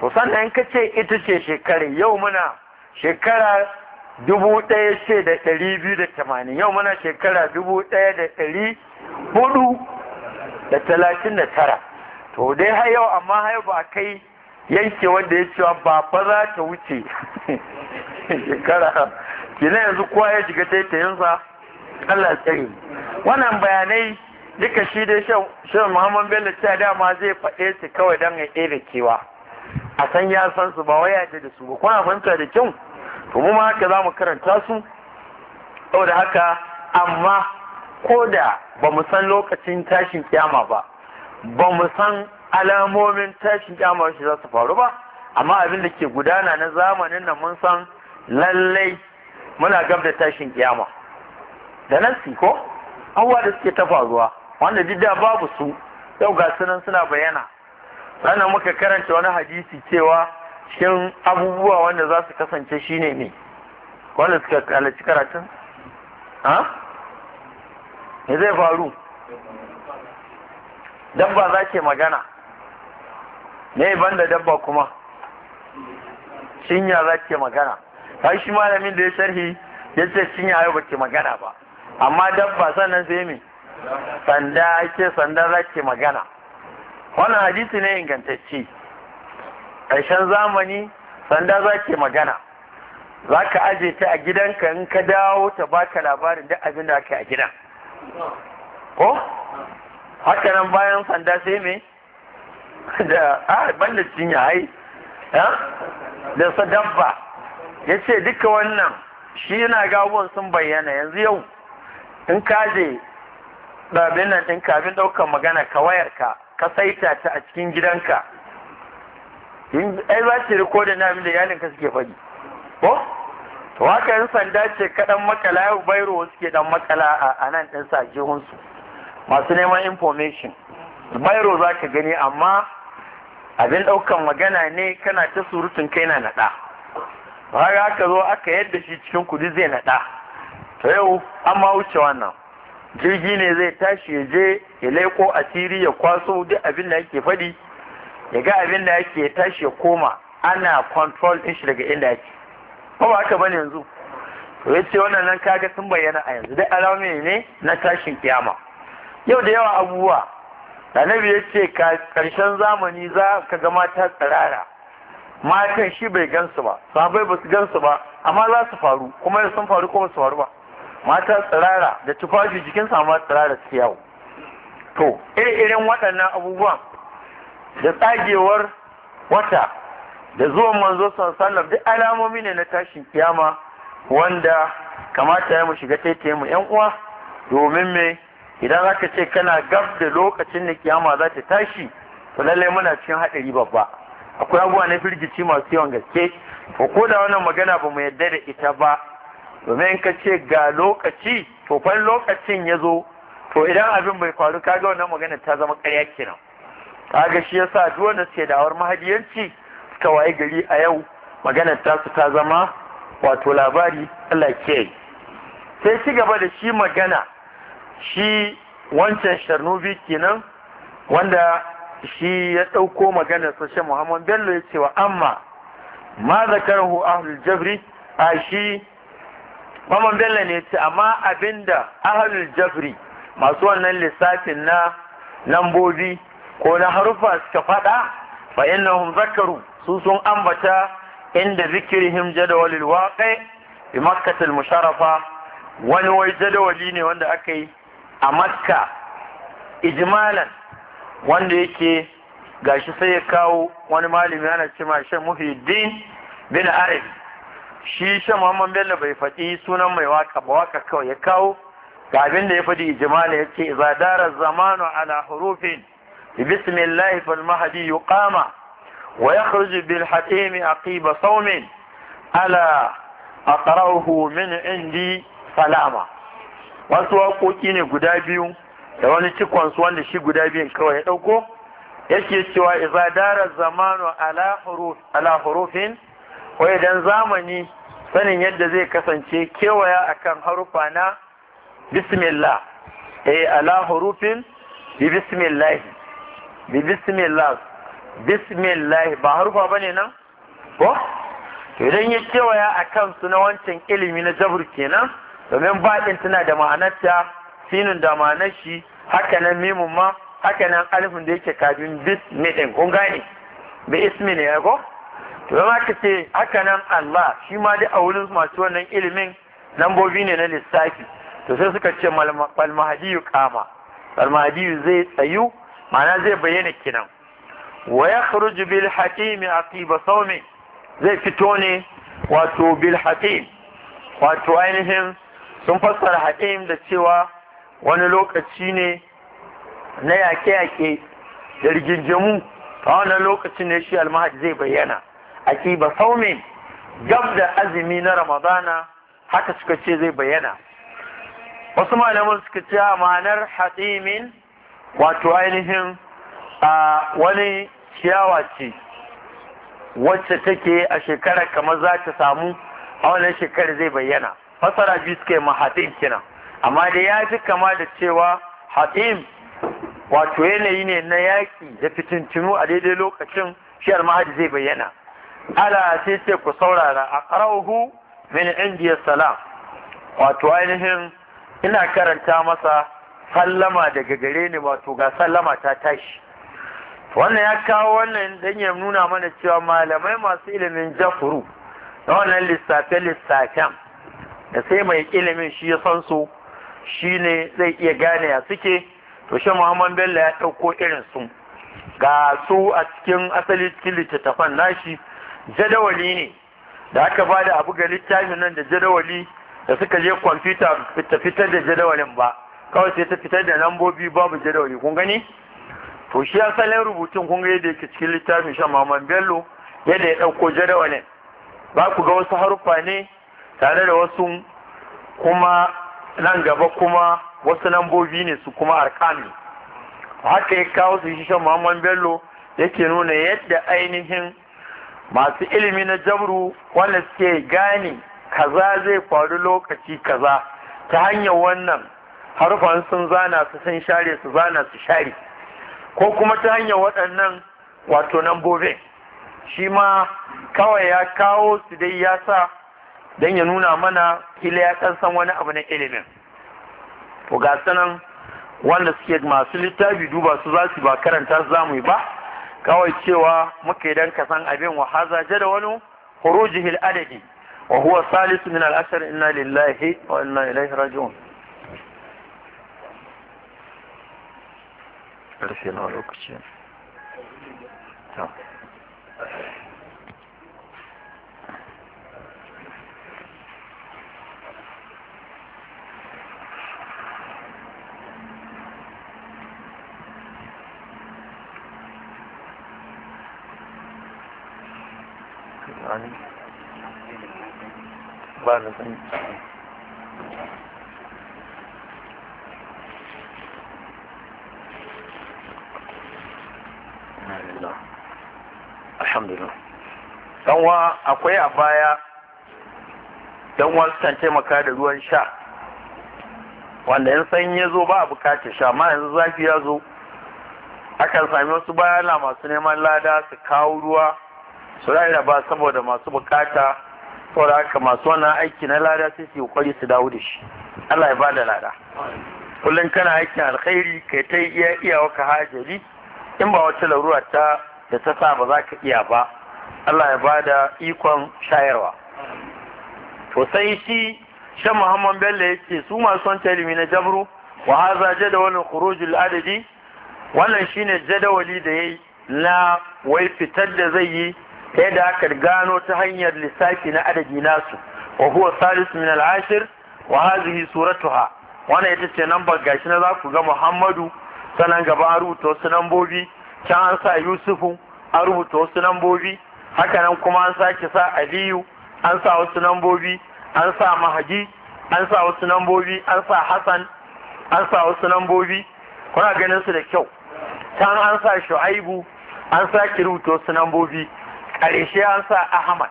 to sannan ka ce ita ce shekara yau muna shekara dubu ɗaya ce da ɗari biyu da tamanin yau muna shekara dubu ɗaya da ɗari hudu da talatin da tara to dai har yau amma har ba kai yanke wanda ya cewa ba fa za ta wuce <laughs> shekara kina yanzu kowa ya shiga yanzu Allah tsare wannan bayanai duka shi dai shan Muhammad Bello ta dama zai faɗe su kawai don ya da kewa a san ya san su ba waya da su ba kuna fahimta da kyau to mu ma haka za mu karanta su saboda haka amma ko da ba mu san lokacin tashin kyama ba ba mu san alamomin tashin kyama shi za su faru ba amma abin da ke gudana na zamanin nan mun san lallai muna gab da tashin kyama da nan ko abubuwa da suke ta faruwa wanda duk da babu su yau ga sunan suna bayana sannan muka karanta wani hadisi cewa cikin abubuwa wanda za su kasance shine ne wanda suka halarci karatun ha me zai faru dabba za ke magana ne banda dabba kuma cinya za ke magana har shi malamin da ya sharhi ya ce cinya yau ba ke magana ba amma dabba sannan sai me sanda ake sanda za ke magana wannan hadisi ne ingantacce ƙarshen zamani sanda za ke magana za ka aje ta a gidanka in ka dawo ta baka labarin duk abin da aka a gidan ko haka nan bayan sanda sai me da a banda cinya ai da sadabba ya ce duka wannan shi yana gawon sun bayyana yanzu yau in ka je ɗabin nan ɗin kafin ɗaukar magana ka wayar ka, ka saita ta a cikin gidanka in ai ba ce rikodin na abin da ka suke faɗi ko to haka yan sanda ce kaɗan makala yau bairo suke dan makala a nan ɗin sa su. masu neman information bairo za ka gani amma abin ɗaukan magana ne kana ta surutun kai na naɗa har aka zo aka yadda shi cikin kudi zai naɗa to yau an ma wuce wannan jirgi ne zai tashi ya je ya leko asiri ya kwaso duk abin da yake faɗi ya ga abin da yake tashi ya koma ana control din shi daga inda yake ko ba haka bane yanzu to yace wannan nan kaga sun bayyana a yanzu dai alama ne na tashin kiyama yau da yawa abubuwa annabi yace ka karshen zamani za ka ga mata tsirara matan shi bai gansu ba sabai ba su gansu ba amma za su faru kuma da sun faru kuma su faru ba mata tsirara da tufafi jikin ma tsirara su yawo to irin irin waɗannan abubuwan da tsagewar wata da zuwan manzo sansanar duk alamomi ne na tashin kiyama wanda kamata ya mu shiga taitaye mu yan uwa domin me idan aka ce kana gab da lokacin da kiyama za ta tashi to lallai muna cikin hadari babba akwai abuwa na firgici masu yawan gaske ko ko da wannan magana ba mu yadda da ita ba domin ka ce ga lokaci to fa lokacin ya zo to idan abin bai faru kaga wannan magana ta zama ƙarya kenan kaga shi yasa duk wanda suke dawar mahadiyanci suka waye gari a yau maganar su ta zama wato labari Allah ke sai ci gaba da shi magana shi wancan sharnubi kenan wanda shi ya ɗauko maganar sashen muhammad bello ya cewa amma ma zakarahu ahlul jabri a shi muhammad bello ne ce amma abinda ahlul jabri masu wannan lissafin na lambobi ko na haruffa suka faɗa fa hum zakaru su sun ambata inda zikirihim jadawalil waqi bi al musharafa wani wai jadawali ne wanda aka yi a makka ijmalan wanda yake gashi sai ya kawo wani malami ana cewa ma shan muhiddin bin arif shi shan muhammad bello bai faɗi sunan mai waka ba waka kawai ya kawo ga abin da ya faɗi ijmalan ya ce idza dara zamanu ala hurufin بسم الله فالمهدي يقام ويخرج بالحكيم عقيب صوم ألا أقرأه من عندي سلاما wasu waƙoƙi ne guda biyu da wani cikonsu wanda shi guda biyun kawai ya ɗauko yake cewa iza dara zamanu ala hurufin wai don zamani sanin yadda zai kasance kewaya akan harufa na bismillah eh ala hurufin bi bismillahi bi bismillah bismillah ba harufa bane nan ko to idan ya kewaya a kansu na wancan ilimi na jabr kenan domin baɗin tana da ma'anarta sinin da ma'anar shi haka nan mimun ma haka nan alifin da yake kafin bismillah kun gane bi ismi ne ya ko to zama ka ce haka nan Allah shi ma dai a wurin masu wannan ilimin lambobi ne na lissafi to sai suka ce malmahadiyu kama malmahadiyu zai tsayu ma'ana zai bayyana kinan wa kharuju bil hakimi aqiba sawmi zai fito ne wato bil hakim wato ainihin sun fassara hakim da cewa wani lokaci ne na yaƙe-yaƙe da rigingimu a wannan lokaci ne shi almahadi zai bayyana aqiba sawmi gab da azumi na ramadana haka suka ce zai bayyana wasu malaman suka ce ma'anar hatimin wato ainihin a wani ciyawa ce wacce take a shekarar kamar za ta samu a wannan shekarar zai bayyana fasara biyu suka yi kina amma da ya fi kama da cewa haɗin wato yanayi ne na yaƙi da fitintinu a daidai lokacin shiyar mahadi zai bayyana ala sai ce ku saurara a ƙarauhu min indiya salam wato ainihin ina karanta masa sallama daga gare ni wato ga sallama ta tashi wannan ya kawo wannan dan ya nuna mana cewa malamai masu ilimin jafuru da wannan lissafe lissafin. da sai mai ilimin shi ya san su shine zai iya gane ya suke to shi muhammad bello ya ɗauko irin su ga su a cikin asali cikin littattafan nashi jadawali ne da aka bada da abu ga littafin nan da jadawali da suka je kwamfuta fitar da jadawalin ba kawai sai ta fitar da lambobi babu jadawali kun gani to shi asalin rubutun kun ga yadda yake cikin littafin shan mamman Bello yadda ya ɗauko jadawalin ba ku ga wasu haruffa ne tare da wasu kuma nan gaba kuma wasu lambobi ne su kuma arkami haka ya kawo su shi shan mamman Bello yake nuna yadda ainihin masu ilimi na jabru wanda suke gane kaza zai faru lokaci kaza ta hanyar wannan harufan sun zana su sun share su zana su share ko kuma ta hanyar waɗannan wato bobe. shi ma kawai ya kawo su dai ya sa don ya nuna mana kila ya ɗan san wani abu na ilimin ko ga sanan wanda suke masu littafi duba su za su ba karanta za mu ba kawai cewa muka idan ka san abin wa haza da wani hurujihil adadi wa huwa salisu min al-ashar inna lillahi wa inna ilaihi raji'un radıyallahu yok okuyacağım. Tamam. Yani varlığın kuma akwai a baya don wasu taimaka da ruwan sha wanda yin sanyi ya zo ba a bukatar sha ma yanzu zafi ya zo akan sami wasu bayana masu neman lada su kawo ruwa su da ba saboda masu bukata saboda haka masu wannan aiki na lada sai su yi kwari su dawo da shi Allah ya ba da lada kullum kana aikin alkhairi kai ta iya iya ka hajari in ba wata larura ta da ta sa ba za ka iya ba Allah ya bada ikon shayarwa to sai shi shan muhammad bello ya ce su masu son talimi na jabru wa haza jadawalin khurujul adadi wannan shine jadawali da yayi na wai fitar da zai yi ta yadda aka gano ta hanyar lissafi na adadi nasu wa huwa salis min al-ashir wa hadhihi suratuha wannan ita ce nambar gashi na za ku ga muhammadu sanan gaba an rubuta wasu nambobi can an sa yusufu an rubuta wasu nambobi hakanan kuma an sake sa aliyu an sa wasu nambobi an sa mahadi an sa wasu nambobi an sa hassan an sa wasu nambobi kuna ganin su da kyau can an sa shu'aibu an sa kiruto wasu nambobi ƙarshe an sa ahmad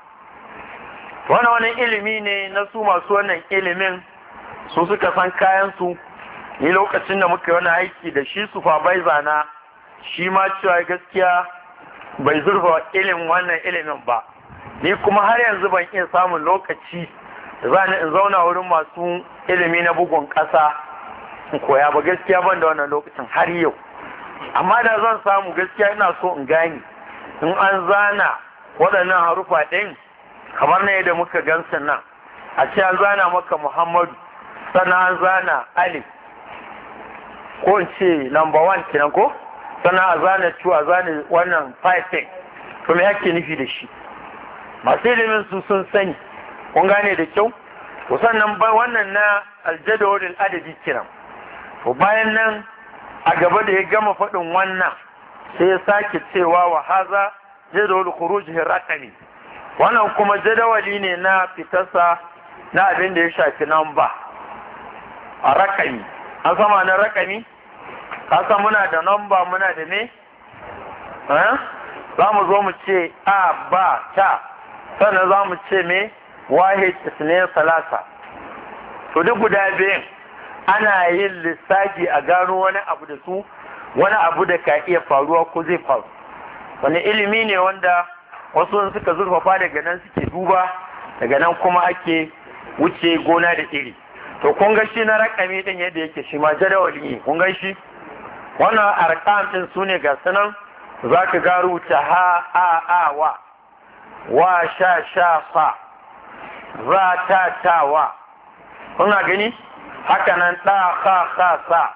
wannan wani ilimi ne na su masu wannan ilimin su suka san kayan su ni lokacin da muka yi wani aiki da shi su bai zana, shi ma cewa gaskiya bai zurfa ilimin wannan ilimin ba ni kuma har yanzu ban iya samun lokaci za ni in zauna wurin masu ilimi na bugun ƙasa in koya ba gaskiya ban da wannan lokacin har yau amma da zan samu gaskiya ina so in gani in an zana waɗannan harufa ɗin kamar na yadda muka gansu nan a ce an zana maka muhammadu sannan an zana ali ko in ce lamba wan kenan ko Sana a zane cewa a zane wannan faifin to me ake nufi da shi masu ilimin su sun sani kun gane da kyau to sannan ba wannan na aljadawalin adadi kiran to bayan nan a gaba da ya gama faɗin wannan sai ya sake cewa wa haza jadawal khurujihi rakami. wannan kuma jadawali ne na fitarsa na abin da ya shafi nan a rakami an sama na rakami kasa muna da namba muna da ne eh? za mu zo mu ce a ba ta sannan za mu ce me wahid isnin salasa to duk guda biyan ana yin lissafi a gano wani abu da su wani abu da ka iya faruwa ko zai faru wani ilimi ne wanda wasu suka zurfafa daga nan suke duba daga nan kuma ake wuce gona da iri to kun ga na rakami din yadda yake shi ma jadawali kun ga shi wannan arkan din su ne ga sunan za ka ga rubuta ha a a wa wa sha sha fa za ta ta wa kuna gani haka nan ɗa ha ha sa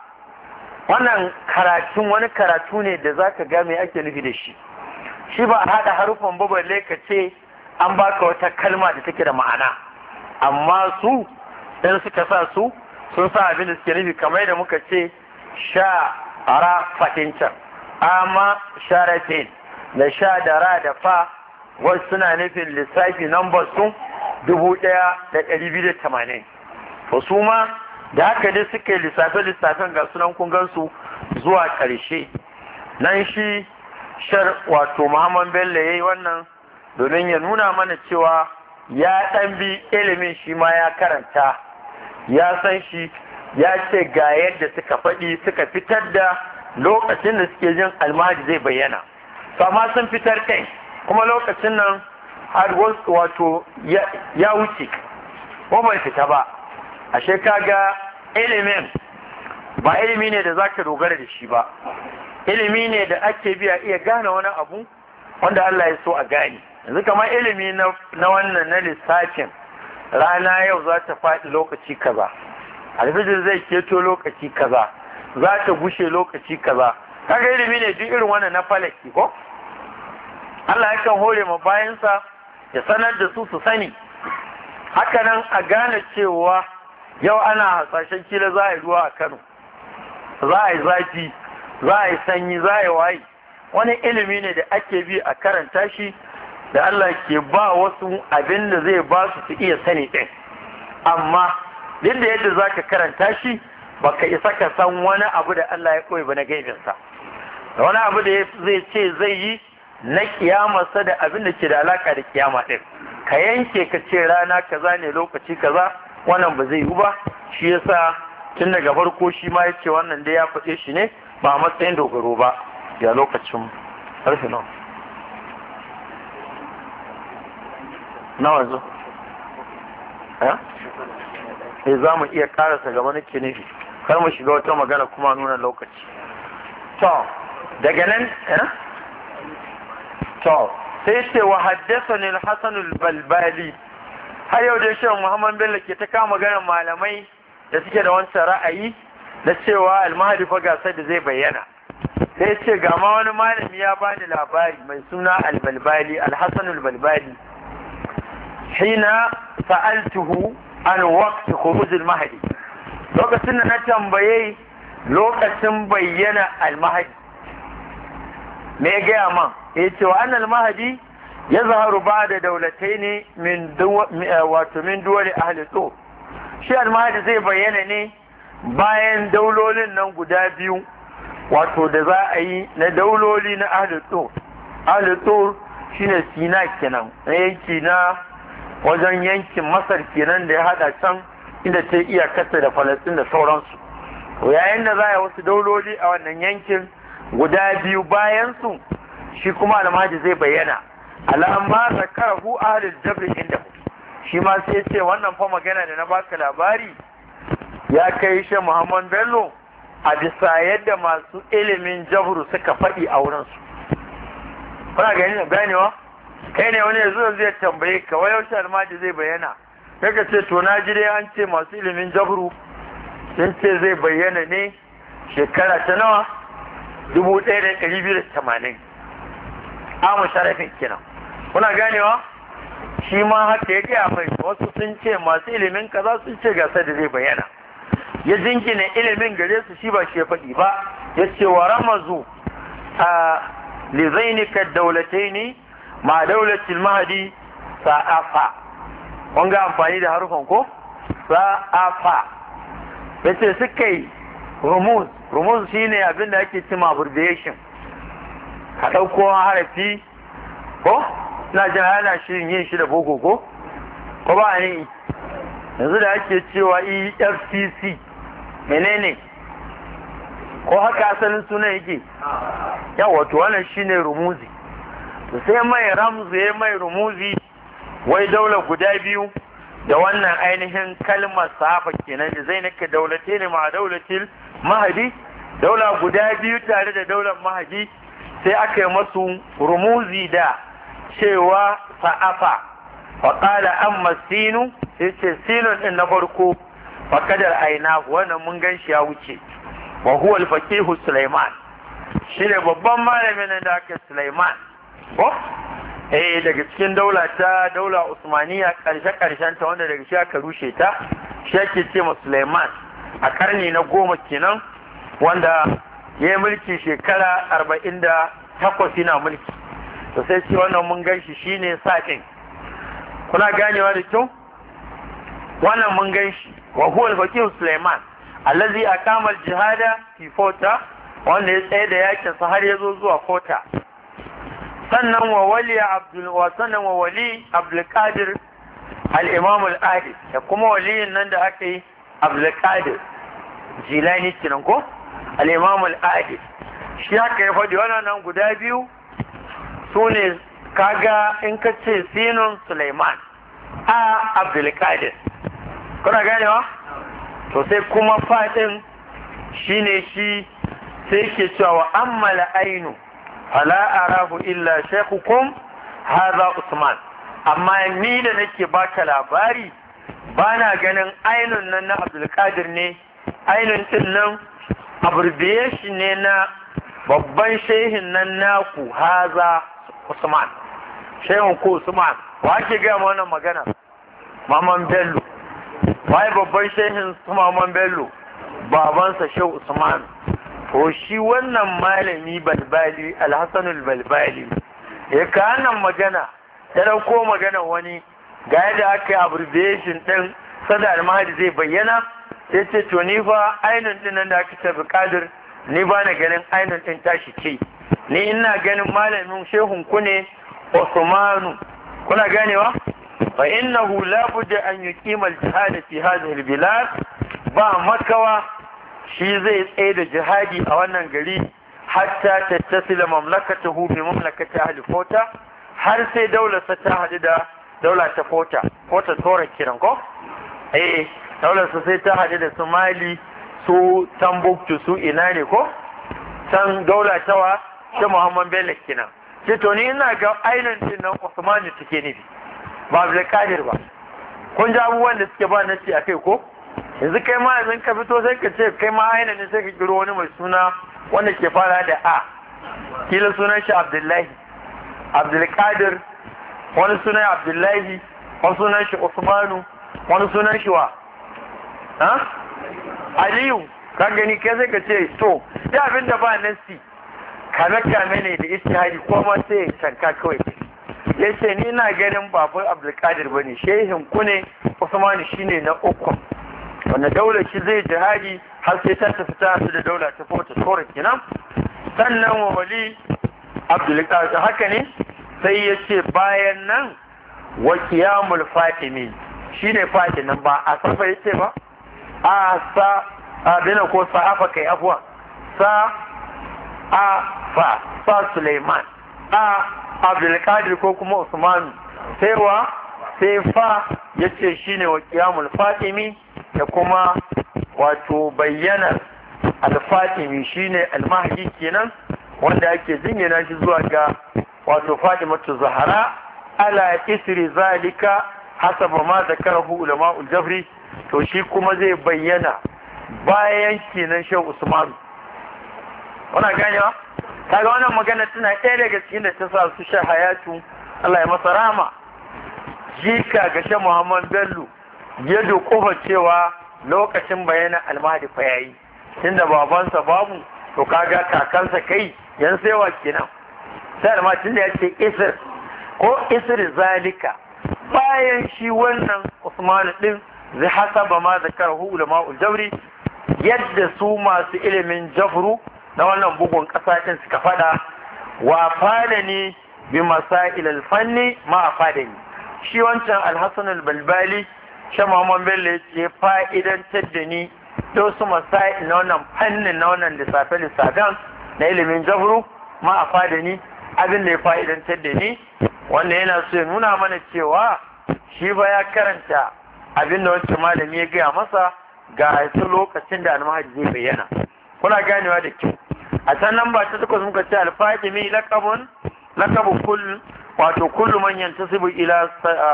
wannan karatun wani karatu ne da za ka ga mai ake nufi da shi shi ba a haɗa harufan ba balle ka ce an baka wata kalma da take da ma'ana amma su ɗan suka sa su sun sa abin da suke nufi kamar da muka ce sha ara can, amma sharafin da sha da ra da fa wasu suna nufin lissafi numbers sun dubu ɗaya da ɗari biyu da tamanin to su ma da haka dai suka yi lissafe ga sunan kun gansu zuwa ƙarshe nan shi shar wato muhammad bello ya yi wannan domin ya nuna mana cewa ya ɗan bi ilimin shi ma ya karanta ya san shi ya ce ga yadda suka faɗi suka fitar da lokacin da suke jin almahadi zai bayyana amma sun fitar kai kuma lokacin nan har wato ya wuce ko bai fita ba ashe shekaga ilimin ba ilimi ne da za zaka dogara da shi ba ilimi ne da ake biya iya gane wani abu wanda Allah ya so a gani yanzu kamar ilimi na wannan na lissafin rana yau za ta faɗi lokaci kaza alfijir zai keto lokaci kaza za ta gushe lokaci kaza kaga ilimi ne duk irin wannan na falaki ko Allah ya kan hore ma bayansa ya sanar da su su sani hakanan a gane cewa yau ana hasashen kila za a ruwa a Kano za a yi zafi za a yi sanyi za a yi waye wani ilimi ne da ake bi a karanta shi da Allah ke ba wasu abin da zai ba su su iya sani ɗin amma din da yadda ka karanta shi baka isa ka san wani abu da Allah ya koyi ba na gaibinsa da wani abu da zai ce zai yi na kiyamarsa da abin da ke da alaka da kiyama ɗin ka yanke ka ce rana kaza ne lokaci kaza wannan ba zai yi ba shi yasa tun daga farko shi ma yace wannan da ya faɗe shi ne ba a matsayin dogaro ba ya lokacin harfi nawa nawa zo sai za mu iya karasa gaba na nufi kar mu shiga wata magana kuma nuna lokaci to daga nan eh? to sai ce wa haddasa ne hasanul balbali har yau dai shehu muhammad bello ke ta kama magana malamai da suke da wancan ra'ayi na cewa almahadi fa gasar da zai bayyana sai ce ga ma wani malami ya bani labari mai suna albalbali alhassanul balbali hina sa'altuhu ko khurujul Mahadi, lokacin da na tambaye lokacin bayyana almahadi me ya gaya man ya ce wa annal mahadi ya zaharu ba da daulatai ne eh, wato min duwali ahli tso shi almahadi zai bayyana ne bayan daulolin nan guda biyu wato da za a yi na dauloli na ahli tso ahli tso shine sina kenan na yanki na wajen yankin masar kenan da ya hada can inda ta yi iyakarta da falastin da sauransu yayin da za a wasu dauloli a wannan yankin guda biyu bayansu, su shi kuma almaji zai bayyana alama zakarahu ahlul jabri inda shi ma sai ce wannan fa magana da na baka labari ya kai shi Muhammad Bello a bisa yadda masu ilimin jabru suka faɗi a wurinsu. Kuna gani na ganewa? kai ne wani yanzu zai tambaye ka wai yaushe almajiri zai bayyana daga ce to na ji an ce masu ilimin jabru sun ce zai bayyana ne shekara ta nawa dubu ɗaya da ɗari biyu da tamanin amu sharafin kenan kuna ganewa shi ma haka ya gaya mai wasu sun ce masu ilimin kaza sun ce gasa da zai bayyana ya jingina ilimin gare su shi ba shi ya faɗi ba ya ce wa ramazu a lizainika daulatai ne ma daulatil mahadi sa'afa kun ga amfani da harufan ko sa'afa yace suka yi rumuz rumuz shine abin da ake cima abbreviation ka ɗauko harafi ko na jin ana shirin yin shi da boko ko ko ba ne yanzu da ake cewa efcc menene ko haka asalin sunan yake ah. yawa to wannan shine rumuzi to sai mai ramzu ya mai rumuzi wai daula guda biyu da wannan ainihin kalmar sahafa kenan da zai nake daulace ne ma daulatil mahadi daula guda biyu tare da daular mahadi sai aka yi masu rumuzi da cewa sa'afa wa qala amma sinu sai ce sinun din na farko fa aina wannan mun gan shi ya wuce wa huwa al Sulaiman shine babban malamin da aka Sulaiman ko eh daga cikin daula ta daula usmaniya karshe karshen ta wanda daga shi aka rushe ta shi ake ce musulman a karni na goma kenan wanda ya yi mulki shekara arba'in da takwas yana mulki to sai shi wannan mun gan shi shine sakin kuna ganewa da kyau wannan mun gan shi wa huwa al-faqih Sulaiman allazi aqama al-jihada fi Fota wanda ya tsaye da yakin sa har ya zo zuwa kota. sannan wa wali abdul wa sannan wa wali abdul qadir al imam al da kuma waliyin nan da aka yi abdul qadir jilani kenan ko al imam al shi aka yi fadi wannan nan guda biyu sune kaga in ka ce sinun Sulaiman a abdul qadir kuna wa? to sai kuma fadin shine shi sai ke cewa ammala ainu fala arahu illa shaykhukum hadha usman amma ni da nake baka labari bana ganin ainun nan na abdulkadir ne ainun din nan abbreviation ne na babban shehin nan naku haza usman shehin ku usman wa ke gaya ma wannan magana maman bello wai babban shehin su maman bello babansa shehu usman ko shi wannan malami balbali alhassanul balbali ya kanan magana ta ɗauko magana wani ga yadda aka yi abrubation ɗin sada almahadi zai bayyana ya ce to ni fa ainihin din nan da aka tafi kadir ni ba na ganin ainihin din tashi ce ni ina ganin malamin shehun ku ne Osmanu kuna ganewa fa innahu hula budda an yuqima al-jihad fi hadhihi al-bilad ba makawa shi zai tsaye da jihadi a wannan gari hatta mamlaka ta hufe mamlaka ta halifota, har sai daularsa ta hadu da daular ta fota fota tsoron kiran ko eh daularsa sai ta hadu da Somali su tambuktu su ina ne ko san daula tawa ta muhammad bello kenan ce to ni ina ga ainihin din nan usmani take ne ba abdulkadir ba kun ji abubuwan da suke ba nasi a kai ko yanzu kai ma yanzu ka fito sai ka ce kai ma aina ne sai ka kiro wani mai suna wanda ke fara da a kila sunan shi abdullahi abdulkadir wani sunan abdullahi wani sunan shi usmanu wani sunan shi wa aliyu ka gani kai sai ka ce to sai abin da ba nasi kame kame ne da istihari ko ma sai shanka kawai ya ce ni na ganin babu abdulkadir ba ne shehin ku ne usmanu shine na uku wanda daular shi zai jihadi har sai ta tafi ta su da daula ta fota tsoron kenan sannan wa wali abdulkadir haka ne sai ya ce bayan nan wa qiyamul fatimi shine fatimin ba a safa yace ba a sa A abin ko sahafa kai afwa sa a fa sa suleiman a abdulkadir ko kuma usman sai wa sai fa yace shine wa qiyamul fatimi da kuma wato bayyanar alfatimi shine almahdi kenan wanda ake jinyana shi zuwa ga wato fatimatu zahara ala isri zalika hasaba ma zakarahu ulama jafri to shi kuma zai bayyana bayan kenan shan usman wana ganewa kaga wannan magana tana ɗaya daga cikin da ta sa su sha hayatu Allah ya masa rama jika ga shan Muhammad Bello ya dukufa cewa lokacin bayanan almahdi fa yayi tunda babansa babu to kaga kakansa kai yan saiwa kenan sai almahdi tunda ya ce isir ko isir zalika bayan shi wannan usman din zai hasaba ma zakarhu ulama jabri yadda su masu ilimin jafru na wannan bugun din suka fada wa fada ne bi masailal fanni? ma fada shi wancan alhassan balbali. shan Muhammad Bello ya ce fa'idantar da ni da wasu masai na wannan fannin na wannan lissafe-lissafen na ilimin jabru ma a fada ni abin da ya fa'idantar da ni wanda yana so ya nuna mana cewa shi ba ya karanta abin da wancan malami ya gaya masa ga su lokacin da almahadi zai bayyana kuna ganewa da kyau a can lamba ta takwas muka ce alfahimi lakabun lakabun kullum wato kullu man yantasibu ila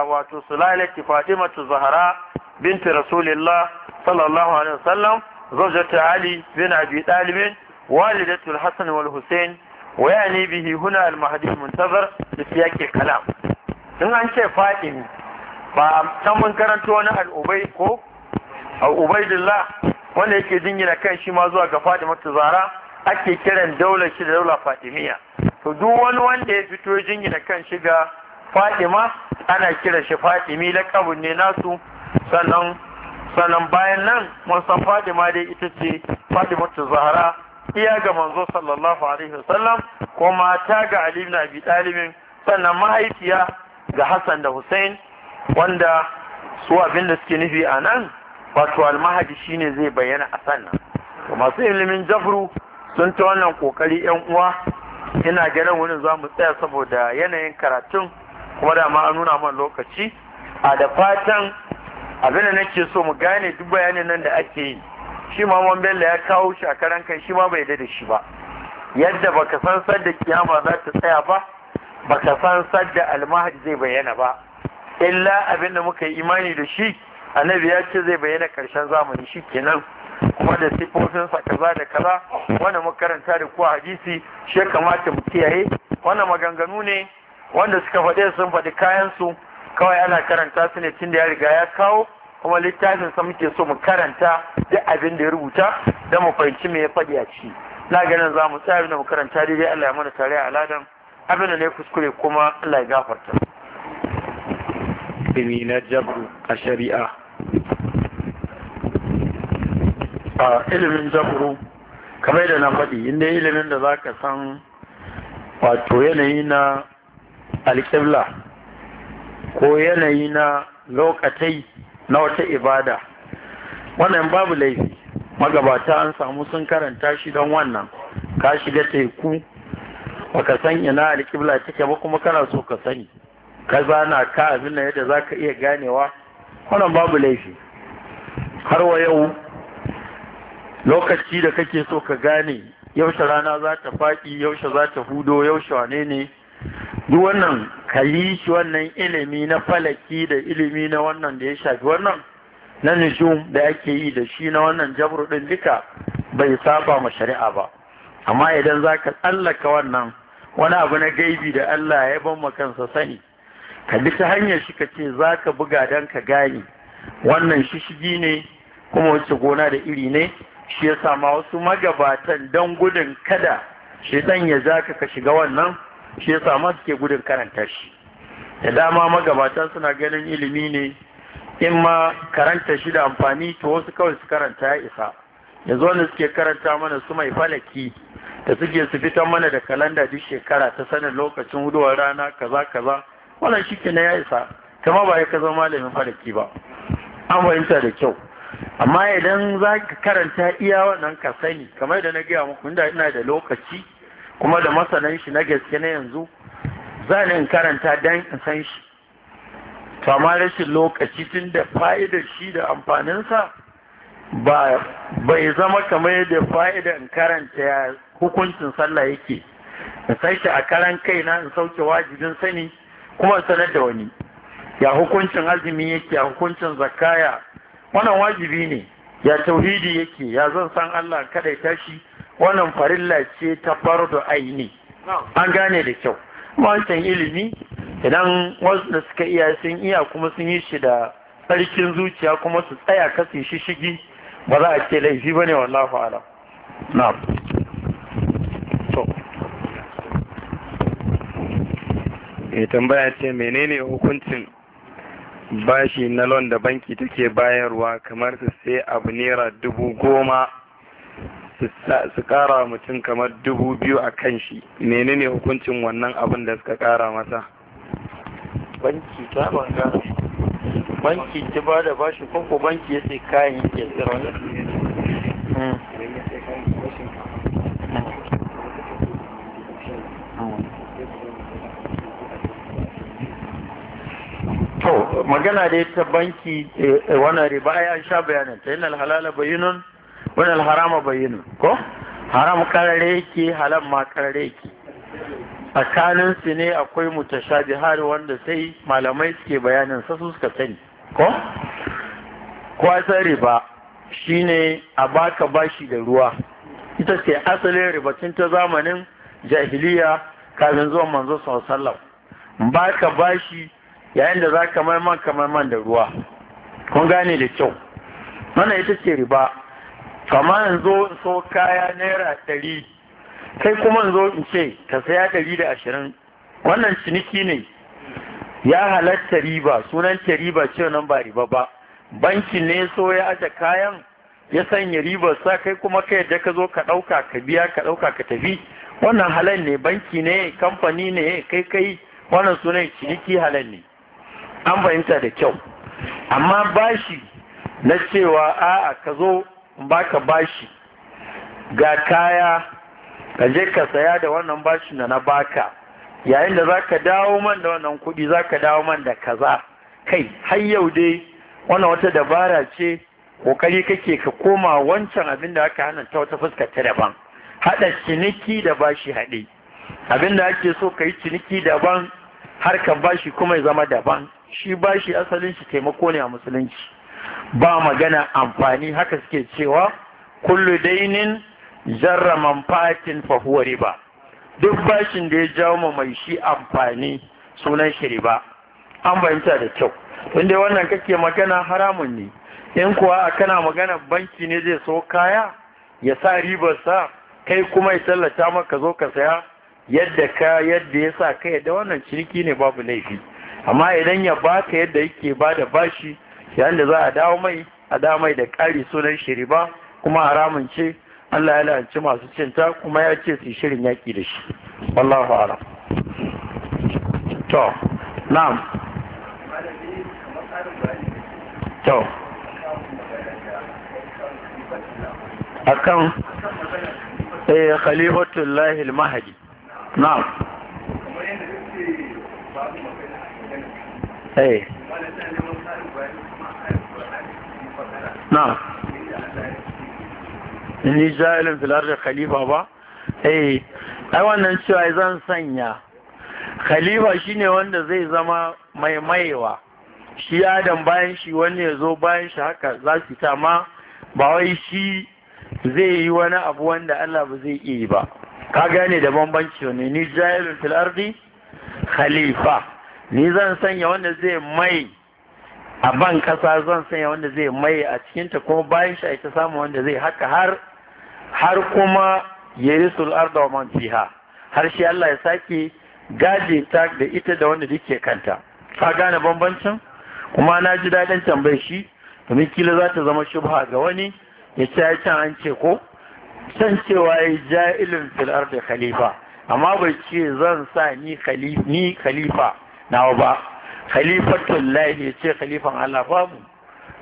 wato sulalati fatimatu zahra Binta rasulillah sallallahu alaihi wasallam زوجة علي بن أبي طالب والدة الحسن والحسين ويعني به هنا المهدي المنتظر بسياق الكلام in an ce faɗin ba can mun karanto wani al'ubai ko wanda yake jingina kan shi ma zuwa ga faɗi mata zara ake kiran daular shi da daular fatimiyya to duk wani wanda ya fito jingina kan shiga fatima ana kiran shi fatimi lakabun ne nasu sannan sannan bayan nan mun san fatima dai ita ce fatimatu zahara iya ga manzo sallallahu alaihi wasallam ko mata ga ali ibn abi talib sannan mahaifiya ga hassan da hussein wanda su abin da suke nufi a nan wato almahadi shine zai bayyana a sannan masu ilimin jafru sun ta wannan kokari yan uwa ina ganin wurin za mu tsaya saboda yanayin karatun kuma da ma an nuna man lokaci a da fatan abin da nake so mu gane duk bayanin nan da ake yi shi ma bello ya kawo shi a karan kai shi ma bai da shi ba yadda baka san sadda kiyama za ta tsaya ba baka san sadda almahadi zai bayyana ba illa abin da muka yi imani da shi annabi ya ce zai bayyana karshen zamani shi kenan kuma da sifofinsa kaza da kaza wanda muka karanta da kuwa hadisi shi kamata mu kiyaye wannan maganganu ne wanda suka faɗe sun faɗi kayansu kawai ana karanta su ne tun da ya riga ya kawo kuma littafin sa muke so mu karanta duk abin da ya rubuta don mu fahimci me ya faɗi a ciki na ganin za mu tsaya da mu karanta daidai Allah ya mana tare a ladan abin da ne kuskure kuma Allah ya gafarta. Ilimi na jabru a shari'a a ilimin zaburu kamar da na faɗi inda ilimin da za ka san wato yanayi na alƙibla ko yanayi na lokatai na wata ibada wannan babu laifi magabata an samu sun karanta shi don wannan ka shiga teku baka san ina alƙibla take ba kuma kana so ka sani ka zana ka abin da yadda za ka iya ganewa wannan babu laifi har wa yau lokaci da kake so ka gane yaushe rana za ta faɗi yaushe za ta hudo yaushe wane ne duk wannan kayi shi wannan ilimi na falaki da ilimi na wannan da ya shafi wannan na nishum da ake yi da shi na wannan jabru ɗin duka bai saba ma shari'a ba amma idan za ka tsallaka wannan wani abu na gaibi da Allah ya ban kansa sani ka bi ta hanyar shi ka ce za ka buga don ka gane wannan shishigi ne kuma wacce gona da iri ne shi ya sama wasu magabatan don gudun kada shi ɗan ya zaka ka shiga wannan shi ya sama suke gudun karanta shi da dama magabatan suna ganin ilimi ne in ma karanta shi da amfani to wasu kawai su karanta ya isa yanzu wanda suke karanta mana su mai falaki da suke su fitar mana da kalanda duk shekara ta sanin lokacin huduwar rana kaza kaza wannan shi na ya isa kama ba ya ka zama malamin falaki ba an fahimta da kyau amma idan za ka karanta iya wannan ka sani kamar da na gaya muku inda ina da lokaci kuma da masanan shi na gaske na yanzu za ni in karanta dan in san shi to amma rashin lokaci tun da fa'idar shi da amfaninsa ba bai zama kamar yadda fa'idar in karanta hukuncin sallah yake in san shi a karan kaina in sauke wajibin sani kuma sanar da wani ya hukuncin azumi yake ya hukuncin zakaya wannan wajibi ne ya tauhidi yake ya zan san Allah kaɗai tashi wannan farilla ce ta fardu aini an gane da kyau wancan ilimi idan wasu da suka iya sun iya kuma sun yi shi da tsarkin zuciya kuma su tsaya kasi shi shigi ba za a ce laifi ba wallahi alam na'am to e ce menene hukuncin bashi na loan da banki take bayarwa kamar su sai abu naira dubu goma su kara mutum kamar dubu biyu a kan shi menene hukuncin wannan abin da suka kara masa banki ta banga banki ta ba da bashi koko banki ya sai kayan yake tsira to magana da ta banki eh, eh, wannan riba ya sha bayanin ta yin halala bayinun wani harama bayinun ko haram karare yake halam ma karare yake tsakanin su ne akwai mutashabihar wanda sai malamai suke bayanin sa su suka sani ko kwasa riba shi ne a baka bashi da ruwa ita ce asalin ribacin ta zamanin jahiliya kafin zuwan manzo sallallahu baka bashi yayin da za ka man kamar man da ruwa kun gane da kyau mana ita ce riba kama in zo in so kaya naira ɗari kai kuma in zo in ce ka saya ɗari da ashirin wannan ciniki ne ya halatta riba sunan ta riba ce nan ba riba ba bankin ne so ya aje kayan ya sanya riba sa kai kuma kai da ka zo ka ɗauka ka biya ka ɗauka ka tafi wannan halal ne banki ne kamfani ne kai kai wannan sunan ciniki halal ne an fahimta da kyau amma bashi na cewa a'a ka zo baka bashi ga kaya ka je ka saya da wannan bashi da na baka yayin da zaka dawo man da wannan kuɗi zaka dawo man da kaza kai har yau dai wannan wata dabara ce kokari kake ka koma wancan abin da aka hana ta wata fuska ta daban haɗa ciniki da bashi hade abin da ake so ka yi ciniki daban har ka bashi kuma ya zama daban shi bashi asalin shi taimako ne a musulunci ba magana amfani haka suke cewa kullu dainin jarra manfatin fahuwa riba duk bashin da ya jawo ma mai shi amfani sunan shi riba an fahimta da kyau inda wannan kake magana haramun ne in kuwa a kana magana banki ne zai so kaya ya sa ribarsa kai kuma ya tallata maka zo ka saya yadda ka yadda ya sa kai da wannan ciniki ne babu laifi amma idan ya baka yadda yake ba da bashi yayin da za a dawo mai a dawo mai da ƙari sunan shiri ba kuma haramun ce Allah ya lalace masu cinta kuma ya ce su shirin yaƙi da shi wallahu a'lam to na'am to akan eh khalifatullah al-mahdi na'am eh na ni jahilin filar da khalifa ba eh ai wannan cewa zan sanya khalifa shine wanda zai zama mai maiwa shi adam bayan shi wani ya zo bayan shi haka za su ta ma ba wai shi zai yi wani abu wanda Allah ba zai iya yi ba ka gane da bambanci ne ni jahilun fil ardi khalifa ni zan sanya wanda zai mai a ban kasa zan sanya wanda zai mai a cikinta kuma bayan shi ake samu wanda zai haka har har kuma yarisul arda wa man fiha har shi Allah ya sake gaje ta da ita da wanda duke kanta ka gane bambancin kuma na ji daɗin tambayi shi domin kila za ta zama shubha ga wani ya ce ya can an ce ko san cewa ya ja ilin filar da khalifa amma bai ce zan sa ni khalifa nawa ba khalifatul lahi ce khalifan Allah babu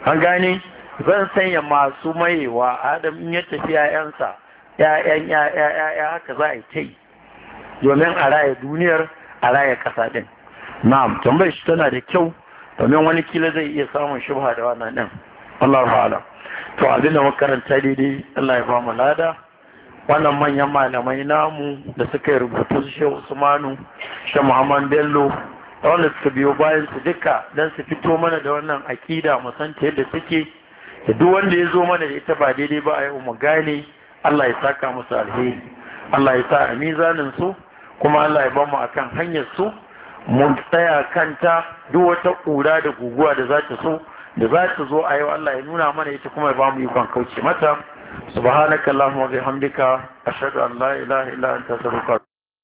an gani zan sanya masu mayewa adam in ya tafi 'ya'yansa 'ya'yan yaya haka za a yi domin a raya duniyar a raya kasa ɗin na'am tambayar shi tana da kyau domin wani kila zai iya samun shubha da wannan din Allah ta'ala to abin da makaranta daidai Allah ya ba mu lada wannan manyan malamai namu da suka yi rubutu su Usmanu Shehu Muhammad Bello da wanda suka biyo bayan su duka dan su fito mana da wannan aƙida mu san ta yadda take da duk wanda ya zo mana da ita ba daidai ba a yau mu gane Allah ya saka musu alheri Allah ya sa a mizanin su kuma Allah ya bamu akan hanyar su mu tsaya kanta duk wata ƙura da guguwa da za ta so da za ta zo a yau Allah ya nuna mana ita kuma ya bamu ikon kauce mata subhanakallahumma wa bihamdika ashhadu an la ilaha illa anta astaghfiruka